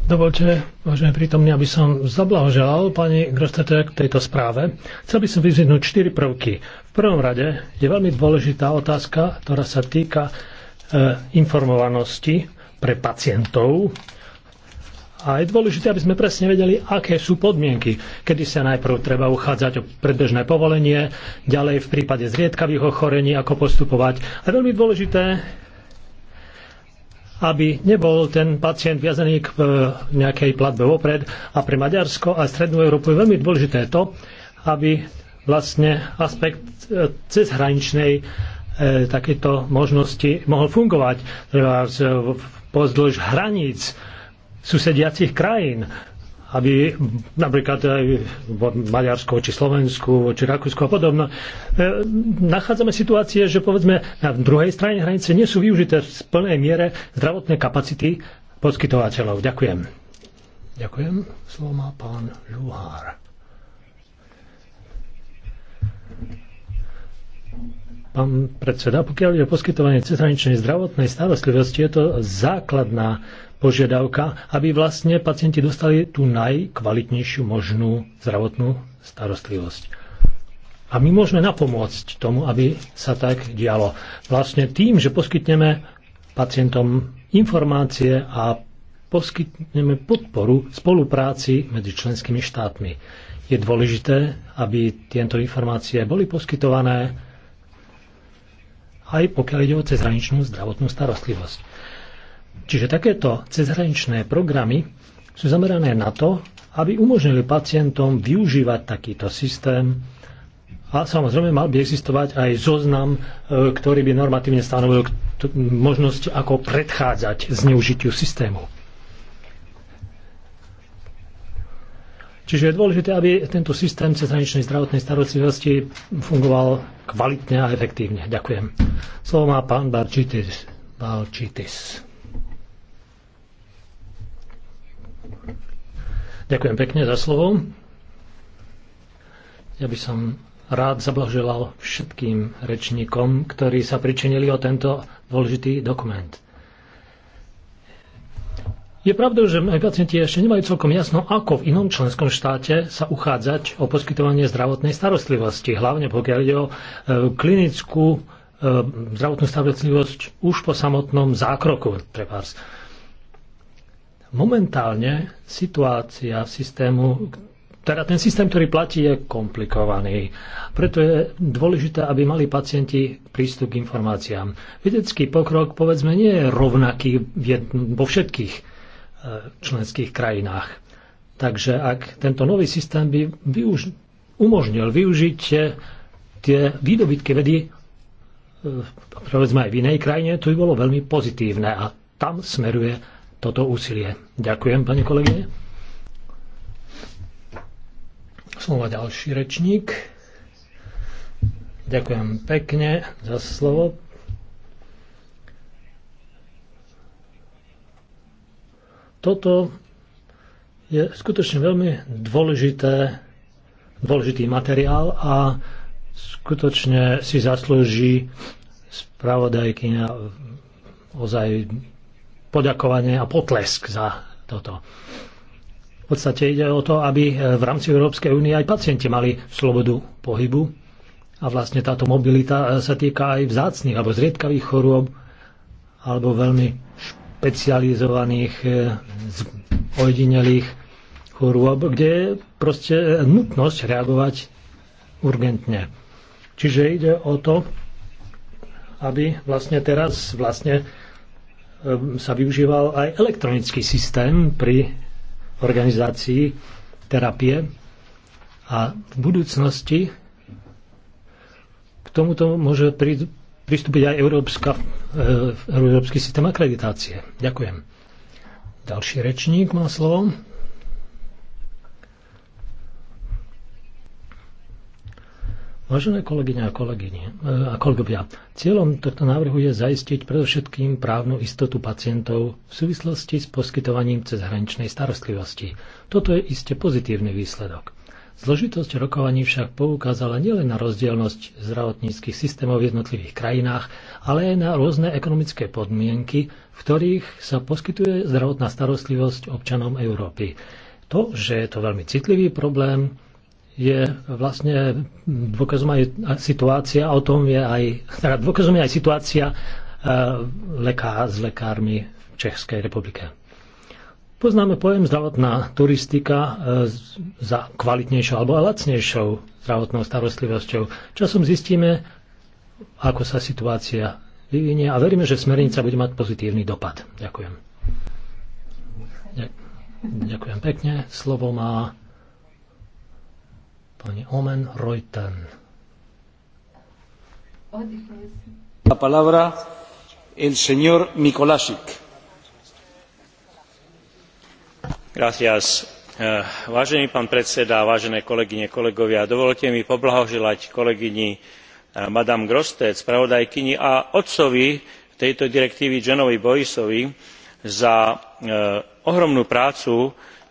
Dovolte, vážení prítomní, aby som zablahožal pani Grostete k tejto správe. Chcel by som vyzvihnúť čtyri prvky. V prvom rade je veľmi dôležitá otázka, ktorá sa týka e, informovanosti pre pacientov a je dôležité, aby sme presne vedeli, aké sú podmienky, kedy sa najprv treba uchádzať o predbežné povolenie, ďalej v prípade zriedkavých ochorení, ako postupovať. A je veľmi dôležité, aby nebol ten pacient viazený k e, nejakej platbe vopred. A pre Maďarsko a Strednú Európu je veľmi dôležité to, aby vlastne aspekt e, cezhraničnej e, takéto možnosti mohol fungovať. Treba pozdĺž hraníc susediacich krajín, aby napríklad aj v Maďarsku, či Slovensku, či Rakúsku a podobno, e, nachádzame situácie, že povedzme na druhej strane hranice nie sú využité v plnej miere zdravotné kapacity poskytovateľov. Ďakujem. Ďakujem. Slovo má pán Luhár. Pán predseda, pokiaľ je poskytovanie cezhraničnej zdravotnej starostlivosti, je to základná požiadavka, aby vlastne pacienti dostali tú najkvalitnejšiu možnú zdravotnú starostlivosť. A my môžeme napomôcť tomu, aby sa tak dialo. Vlastne tým, že poskytneme pacientom informácie a poskytneme podporu spolupráci medzi členskými štátmi. Je dôležité, aby tieto informácie boli poskytované aj pokiaľ ide o cezhraničnú zdravotnú starostlivosť. Čiže takéto cezhraničné programy sú zamerané na to, aby umožnili pacientom využívať takýto systém. A samozrejme mal by existovať aj zoznam, e, ktorý by normatívne stanovil možnosť, ako predchádzať zneužitiu systému. Čiže je dôležité, aby tento systém cezhraničnej zdravotnej starostlivosti fungoval kvalitne a efektívne. Ďakujem. Slovo má pán Barčitis. Balčitis. Ďakujem pekne za slovo. Ja by som rád zablaželal všetkým rečníkom, ktorí sa pričinili o tento dôležitý dokument. Je pravdou, že mnohí pacienti ešte nemajú celkom jasno, ako v inom členskom štáte sa uchádzať o poskytovanie zdravotnej starostlivosti, hlavne pokiaľ ide o e, klinickú e, zdravotnú starostlivosť už po samotnom zákroku. Momentálne situácia systému, teda ten systém, ktorý platí, je komplikovaný. Preto je dôležité, aby mali pacienti prístup k informáciám. Vedecký pokrok, povedzme, nie je rovnaký vo všetkých e, členských krajinách. Takže ak tento nový systém by využ- umožnil využiť tie výdobytky vedy e, povedzme aj v inej krajine, to by bolo veľmi pozitívne a tam smeruje toto úsilie. Ďakujem, pani kolegyne. Slova ďalší rečník. Ďakujem pekne za slovo. Toto je skutočne veľmi dôležité, dôležitý materiál a skutočne si zaslúži spravodajkyňa ozaj poďakovanie a potlesk za toto. V podstate ide o to, aby eh, v rámci Európskej únie aj pacienti mali slobodu pohybu a vlastne táto mobilita eh, sa týka aj vzácných alebo zriedkavých chorôb alebo veľmi špecializovaných, eh, ojedinelých chorôb, kde je proste nutnosť reagovať urgentne. Čiže ide o to, aby vlastne teraz vlastne Ehm, sa využíval aj elektronický systém pri organizácii terapie a v budúcnosti k tomuto môže pristúpiť aj Európska, ehm, Európsky systém akreditácie. Ďakujem. Ďalší rečník má slovo. Vážené kolegyne a kolegyne e, a kolegovia, cieľom tohto návrhu je zaistiť predovšetkým právnu istotu pacientov v súvislosti s poskytovaním cezhraničnej starostlivosti. Toto je iste pozitívny výsledok. Zložitosť rokovaní však poukázala nielen na rozdielnosť zdravotníckých systémov v jednotlivých krajinách, ale aj na rôzne ekonomické podmienky, v ktorých sa poskytuje zdravotná starostlivosť občanom Európy. To, že je to veľmi citlivý problém, je vlastne dôkazom aj situácia, o tom je aj, teda dôkazom je aj situácia e, leká, s lekármi v Českej republike. Poznáme pojem zdravotná turistika e, za kvalitnejšou alebo lacnejšou zdravotnou starostlivosťou. Časom zistíme, ako sa situácia vyvinie a veríme, že smernica bude mať pozitívny dopad. Ďakujem. Ďakujem pekne. Slovo má pani Omen Reutan. La palabra el señor Mikolášik. Gracias. Eh, vážený pán predseda, vážené kolegyne, kolegovia, dovolte mi poblahoželať kolegyni eh, madame grossette spravodajkyni a otcovi tejto direktívy johnovi boysovi za eh, ohromnú prácu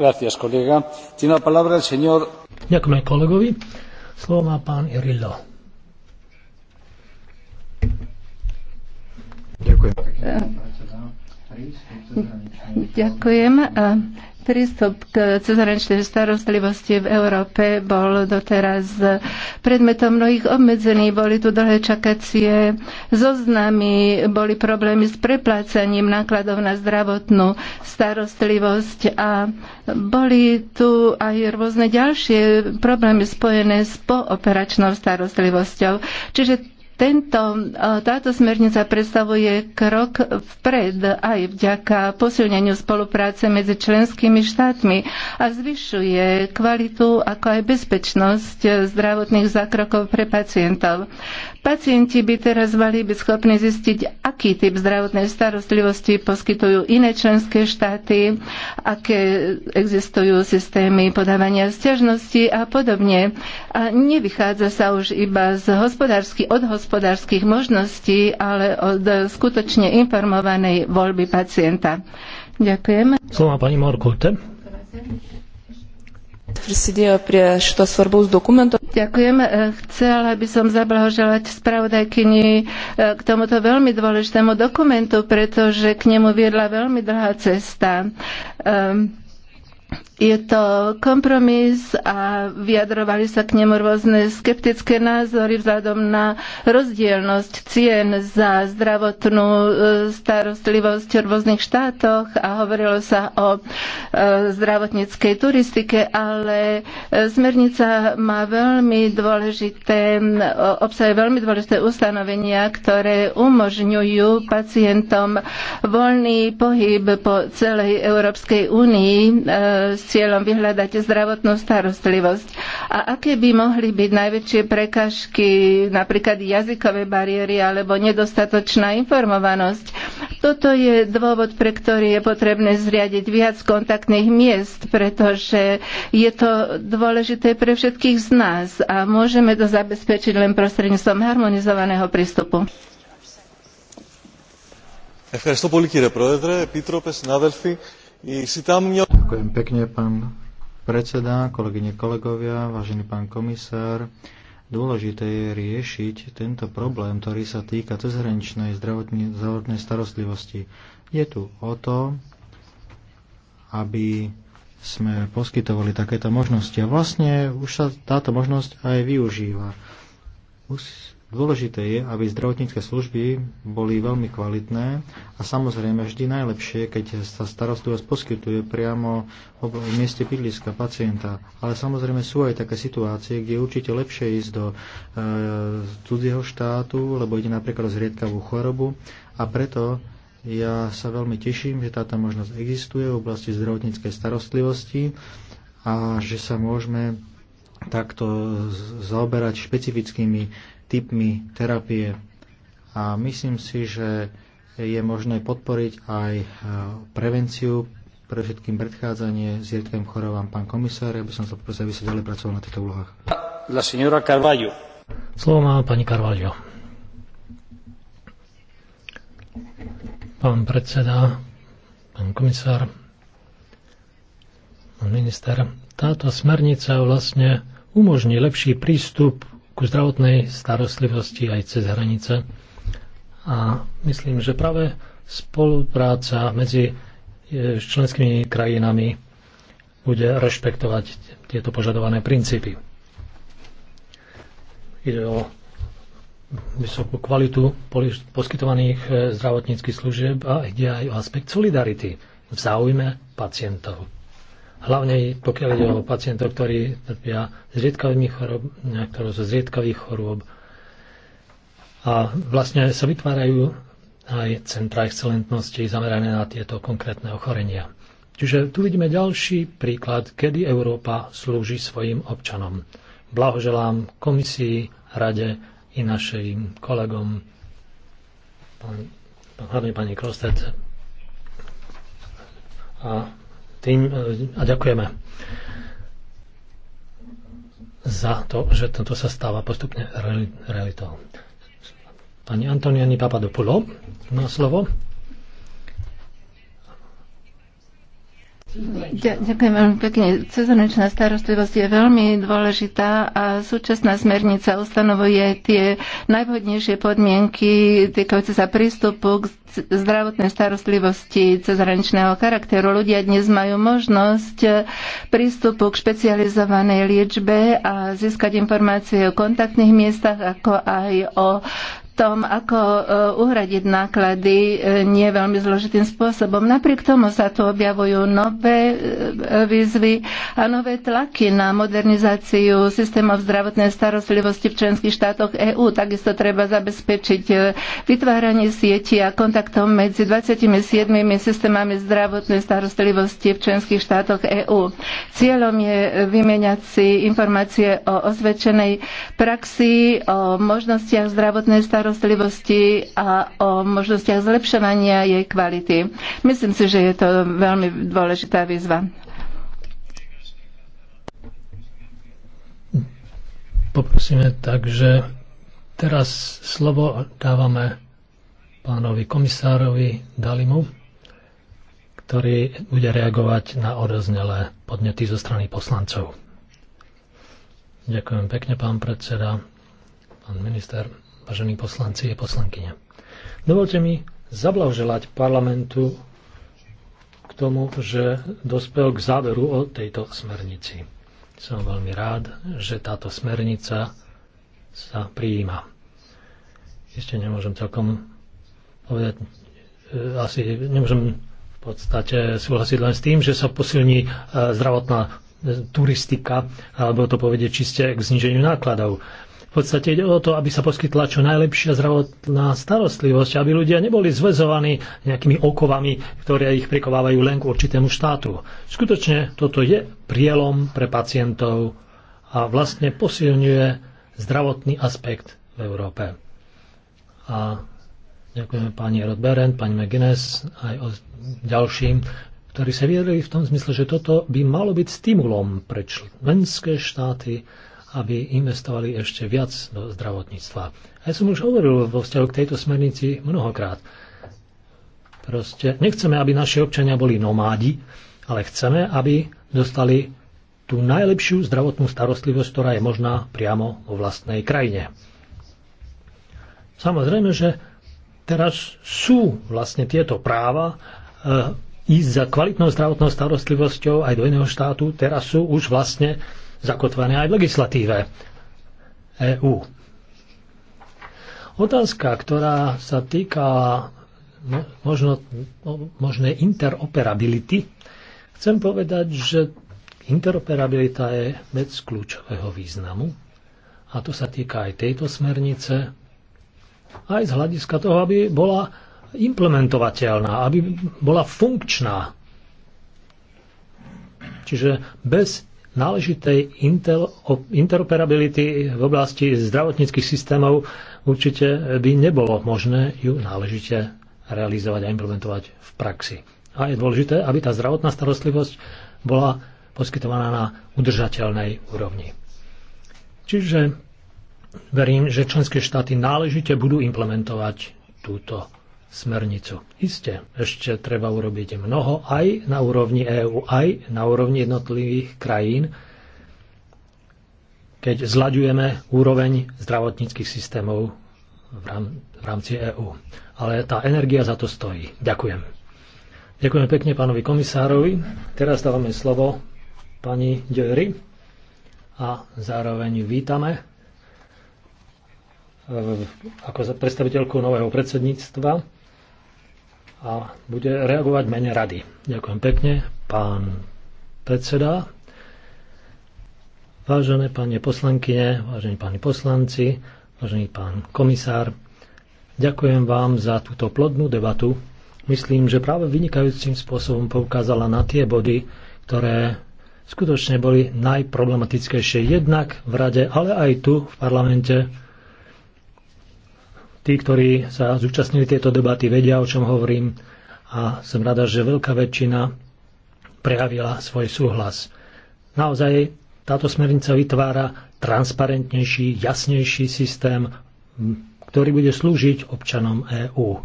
Gracias, kolega. Tiene la palabra el señor... Ďakujeme kolegovi. Slovo má pán Irillo. Ďakujem. Ďakujem prístup k cezhraničnej starostlivosti v Európe bol doteraz predmetom mnohých obmedzení. Boli tu dlhé čakacie zoznamy, boli problémy s preplácaním nákladov na zdravotnú starostlivosť a boli tu aj rôzne ďalšie problémy spojené s pooperačnou starostlivosťou. Čiže tento, e, táto smernica predstavuje krok vpred aj vďaka posilneniu spolupráce medzi členskými štátmi a zvyšuje kvalitu ako aj bezpečnosť zdravotných zákrokov pre pacientov. Pacienti by teraz mali byť schopní zistiť, aký typ zdravotnej starostlivosti poskytujú iné členské štáty, aké existujú systémy podávania stiažnosti a podobne. A nevychádza sa už iba z hospodársky, od hospodárskych možností, ale od skutočne informovanej voľby pacienta. Ďakujem. Slova pani Morkulte. Ďakujem. E, chcela by som zablahoželať spravodajkyni e, k tomuto veľmi dôležitému dokumentu, pretože k nemu viedla veľmi dlhá cesta. Ehm, je to kompromis a vyjadrovali sa k nemu rôzne skeptické názory vzhľadom na rozdielnosť cien za zdravotnú e, starostlivosť v rôznych štátoch a hovorilo sa o e, zdravotníckej turistike, ale e, smernica má veľmi dôležité, obsahuje veľmi dôležité ustanovenia, ktoré umožňujú pacientom voľný pohyb po celej Európskej únii cieľom vyhľadať zdravotnú starostlivosť. A aké by mohli byť najväčšie prekažky, napríklad jazykové bariéry alebo nedostatočná informovanosť? Toto je dôvod, pre ktorý je potrebné zriadiť viac kontaktných miest, pretože je to dôležité pre všetkých z nás a môžeme to zabezpečiť len prostredníctvom harmonizovaného prístupu. Ευχαριστώ πολύ κύριε Πρόεδρε, επίτροπε, συνάδελφοι. Ďakujem pekne, pán predseda, kolegyne, kolegovia, vážený pán komisár. Dôležité je riešiť tento problém, ktorý sa týka cezhraničnej zdravotnej starostlivosti. Je tu o to, aby sme poskytovali takéto možnosti. A vlastne už sa táto možnosť aj využíva. Dôležité je, aby zdravotnícke služby boli veľmi kvalitné a samozrejme vždy najlepšie, keď sa starostlivosť poskytuje priamo v mieste bydliska pacienta. Ale samozrejme sú aj také situácie, kde je určite lepšie ísť do e, cudzieho štátu, lebo ide napríklad o zriedkavú chorobu a preto ja sa veľmi teším, že táto možnosť existuje v oblasti zdravotníckej starostlivosti a že sa môžeme takto zaoberať špecifickými typmi terapie. A myslím si, že je možné podporiť aj e, prevenciu, pre všetkým predchádzanie s zriedkavým chorobám. Pán komisár, ja by som sa poprosil, aby sa ďalej pracoval na týchto úlohách. La señora Carvalho. Slovo má pani Carvalho. Pán predseda, pán komisár, pán minister, táto smernica vlastne umožní lepší prístup ku zdravotnej starostlivosti aj cez hranice. A myslím, že práve spolupráca medzi e, členskými krajinami bude rešpektovať tieto požadované princípy. Ide o vysokú kvalitu poskytovaných e, zdravotníckých služieb a ide aj o aspekt solidarity v záujme pacientov hlavne pokiaľ ide o pacientov, ktorí trpia zriedkavých chorób, ktoré sú zriedkavých chorôb. A vlastne sa vytvárajú aj centra excelentnosti zamerané na tieto konkrétne ochorenia. Čiže tu vidíme ďalší príklad, kedy Európa slúži svojim občanom. Blahoželám komisii, rade i našim kolegom, pán, hlavne pani Krostet a tým e, a ďakujeme za to, že toto sa stáva postupne realitou. Pani Antoniani Papadopulo má slovo. Ďakujem veľmi pekne. Cezhraničná starostlivosť je veľmi dôležitá a súčasná smernica ustanovuje tie najvhodnejšie podmienky týkajúce sa prístupu k zdravotnej starostlivosti cezhraničného charakteru. Ľudia dnes majú možnosť prístupu k špecializovanej liečbe a získať informácie o kontaktných miestach, ako aj o tom, ako e, uhradiť náklady e, nie veľmi zložitým spôsobom. Napriek tomu sa tu objavujú nové e, výzvy a nové tlaky na modernizáciu systémov zdravotnej starostlivosti v členských štátoch EÚ. Takisto treba zabezpečiť vytváranie sieti a kontaktov medzi 27 systémami zdravotnej starostlivosti v členských štátoch EÚ. Cieľom je vymeniať si informácie o osvedčenej praxi, o možnostiach zdravotnej starostlivosti starostlivosti a o možnostiach zlepšovania jej kvality. Myslím si, že je to veľmi dôležitá výzva. Poprosíme tak, že teraz slovo dávame pánovi komisárovi Dalimu, ktorý bude reagovať na odoznelé podnety zo strany poslancov. Ďakujem pekne, pán predseda, pán minister vážení poslanci a poslankyne. Dovolte mi zablahoželať parlamentu k tomu, že dospel k záveru o tejto smernici. Som veľmi rád, že táto smernica sa prijíma. Ešte nemôžem celkom povedať, e, asi nemôžem v podstate súhlasiť len s tým, že sa posilní e, zdravotná e, turistika, alebo to povedie čiste k zniženiu nákladov. V podstate ide o to, aby sa poskytla čo najlepšia zdravotná starostlivosť, aby ľudia neboli zväzovaní nejakými okovami, ktoré ich prikovávajú len k určitému štátu. Skutočne toto je prielom pre pacientov a vlastne posilňuje zdravotný aspekt v Európe. A ďakujeme pani Rodberen, pani McGuinness aj o ďalším, ktorí sa vyjadrili v tom zmysle, že toto by malo byť stimulom pre členské štáty, aby investovali ešte viac do zdravotníctva. A ja som už hovoril vo vzťahu k tejto smernici mnohokrát. Proste nechceme, aby naši občania boli nomádi, ale chceme, aby dostali tú najlepšiu zdravotnú starostlivosť, ktorá je možná priamo vo vlastnej krajine. Samozrejme, že teraz sú vlastne tieto práva eh, ísť za kvalitnou zdravotnou starostlivosťou aj do iného štátu, teraz sú už vlastne zakotvené aj v legislatíve EÚ. Otázka, ktorá sa týka no, možno, no, možnej interoperability, chcem povedať, že interoperabilita je vec kľúčového významu a to sa týka aj tejto smernice, aj z hľadiska toho, aby bola implementovateľná, aby bola funkčná. Čiže bez náležitej interoperability v oblasti zdravotníckých systémov určite by nebolo možné ju náležite realizovať a implementovať v praxi. A je dôležité, aby tá zdravotná starostlivosť bola poskytovaná na udržateľnej úrovni. Čiže verím, že členské štáty náležite budú implementovať túto smernicu. Isté, ešte treba urobiť mnoho aj na úrovni EÚ, aj na úrovni jednotlivých krajín, keď zlaďujeme úroveň zdravotníckých systémov v, rámci EÚ. Ale tá energia za to stojí. Ďakujem. Ďakujem pekne pánovi komisárovi. Teraz dávame slovo pani Dery a zároveň vítame e, ako predstaviteľku nového predsedníctva a bude reagovať mene rady. Ďakujem pekne, pán predseda. Vážené pani poslankyne, vážení páni poslanci, vážený pán komisár, ďakujem vám za túto plodnú debatu. Myslím, že práve vynikajúcim spôsobom poukázala na tie body, ktoré skutočne boli najproblematickejšie jednak v rade, ale aj tu v parlamente tí, ktorí sa zúčastnili tieto debaty, vedia, o čom hovorím a som rada, že veľká väčšina prejavila svoj súhlas. Naozaj táto smernica vytvára transparentnejší, jasnejší systém, ktorý bude slúžiť občanom EÚ.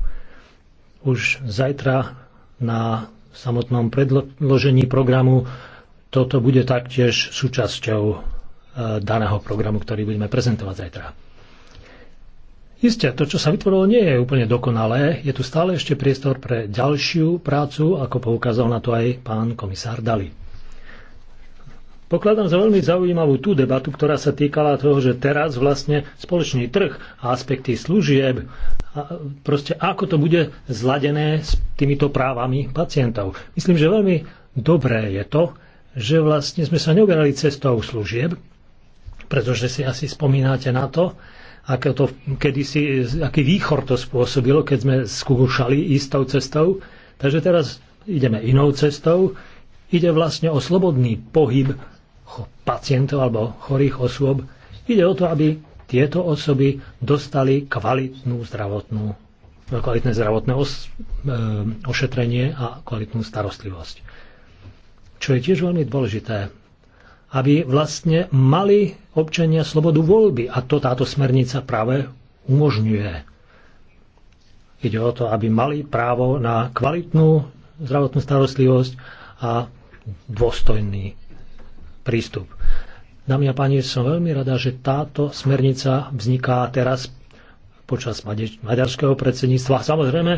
Už zajtra na samotnom predložení programu toto bude taktiež súčasťou e, daného programu, ktorý budeme prezentovať zajtra. Isté, to, čo sa vytvorilo, nie je úplne dokonalé. Je tu stále ešte priestor pre ďalšiu prácu, ako poukázal na to aj pán komisár Dali. Pokladám za veľmi zaujímavú tú debatu, ktorá sa týkala toho, že teraz vlastne spoločný trh a aspekty služieb, a proste ako to bude zladené s týmito právami pacientov. Myslím, že veľmi dobré je to, že vlastne sme sa neuberali cestou služieb, pretože si asi spomínate na to, aké to kedysi, aký výchor to spôsobilo, keď sme skúšali istou cestou. Takže teraz ideme inou cestou. Ide vlastne o slobodný pohyb pacientov alebo chorých osôb. Ide o to, aby tieto osoby dostali kvalitnú zdravotnú, kvalitné zdravotné os, e, ošetrenie a kvalitnú starostlivosť. Čo je tiež veľmi dôležité aby vlastne mali občania slobodu voľby. A to táto smernica práve umožňuje. Ide o to, aby mali právo na kvalitnú zdravotnú starostlivosť a dôstojný prístup. Dámy a páni, som veľmi rada, že táto smernica vzniká teraz počas maďarského predsedníctva. Samozrejme,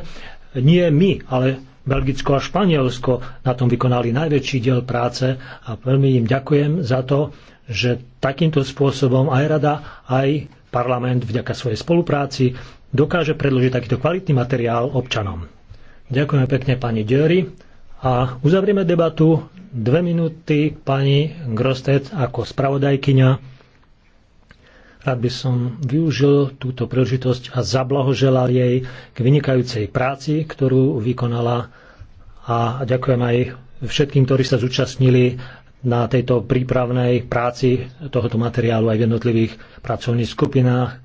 nie my, ale Belgicko a Španielsko na tom vykonali najväčší diel práce a veľmi im ďakujem za to, že takýmto spôsobom aj rada, aj parlament vďaka svojej spolupráci dokáže predložiť takýto kvalitný materiál občanom. Ďakujeme pekne pani Döry a uzavrieme debatu dve minúty pani Grostet ako spravodajkyňa aby by som využil túto príležitosť a zablahoželal jej k vynikajúcej práci, ktorú vykonala a ďakujem aj všetkým, ktorí sa zúčastnili na tejto prípravnej práci tohoto materiálu aj v jednotlivých pracovných skupinách.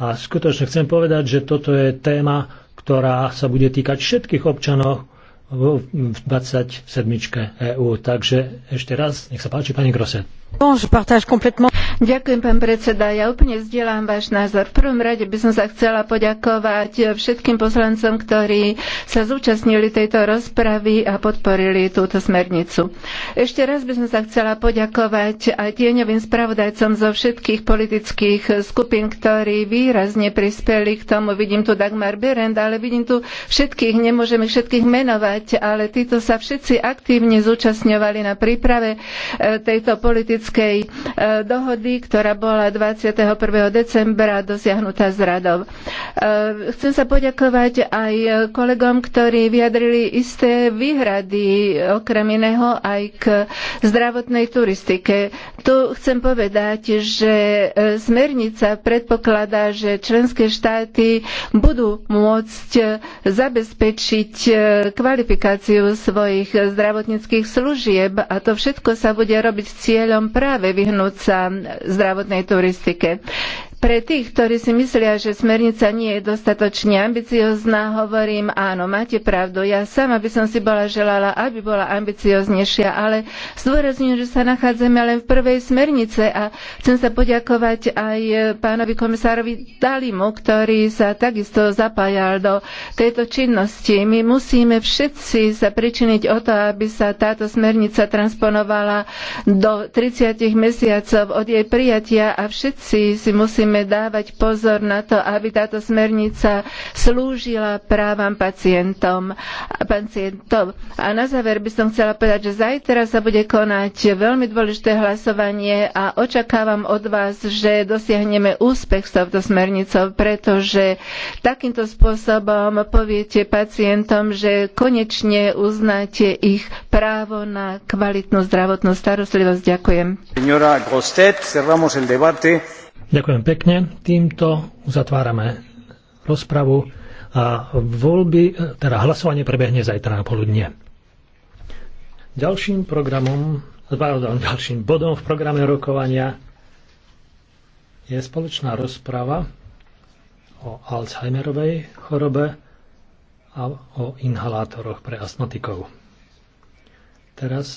A skutočne chcem povedať, že toto je téma, ktorá sa bude týkať všetkých občanov v 27. EÚ. Takže ešte raz, nech sa páči, pani Grosset. Ďakujem, pán predseda. Ja úplne zdieľam váš názor. V prvom rade by som sa chcela poďakovať všetkým poslancom, ktorí sa zúčastnili tejto rozpravy a podporili túto smernicu. Ešte raz by som sa chcela poďakovať aj tieňovým spravodajcom zo všetkých politických skupín, ktorí výrazne prispeli k tomu. Vidím tu Dagmar Berend, ale vidím tu všetkých, nemôžem ich všetkých menovať, ale títo sa všetci aktívne zúčastňovali na príprave e, tejto politické politickej e, dohody, ktorá bola 21. decembra dosiahnutá s radou. E, chcem sa poďakovať aj kolegom, ktorí vyjadrili isté výhrady, okrem iného aj k zdravotnej turistike. Tu chcem povedať, že e, smernica predpokladá, že členské štáty budú môcť zabezpečiť kvalifikáciu svojich zdravotníckých služieb a to všetko sa bude robiť s cieľom práve vyhnúť sa zdravotnej turistike. Pre tých, ktorí si myslia, že smernica nie je dostatočne ambiciozná, hovorím, áno, máte pravdu. Ja sama by som si bola želala, aby bola ambicioznejšia, ale zdôrazňujem, že sa nachádzame len v prvej smernice a chcem sa poďakovať aj pánovi komisárovi Dalimu, ktorý sa takisto zapájal do tejto činnosti. My musíme všetci sa pričiniť o to, aby sa táto smernica transponovala do 30 mesiacov od jej prijatia a všetci si musíme musíme dávať pozor na to, aby táto smernica slúžila právam pacientom. pacientov. A na záver by som chcela povedať, že zajtra sa bude konať veľmi dôležité hlasovanie a očakávam od vás, že dosiahneme úspech s touto smernicou, pretože takýmto spôsobom poviete pacientom, že konečne uznáte ich právo na kvalitnú zdravotnú starostlivosť. Ďakujem. Señora Grostet, cerramos el debate. Ďakujem pekne. Týmto uzatvárame rozpravu a voľby, teda hlasovanie prebehne zajtra na poludne. Ďalším programom, pardon, ďalším bodom v programe rokovania je spoločná rozprava o Alzheimerovej chorobe a o inhalátoroch pre astmatikov. Teraz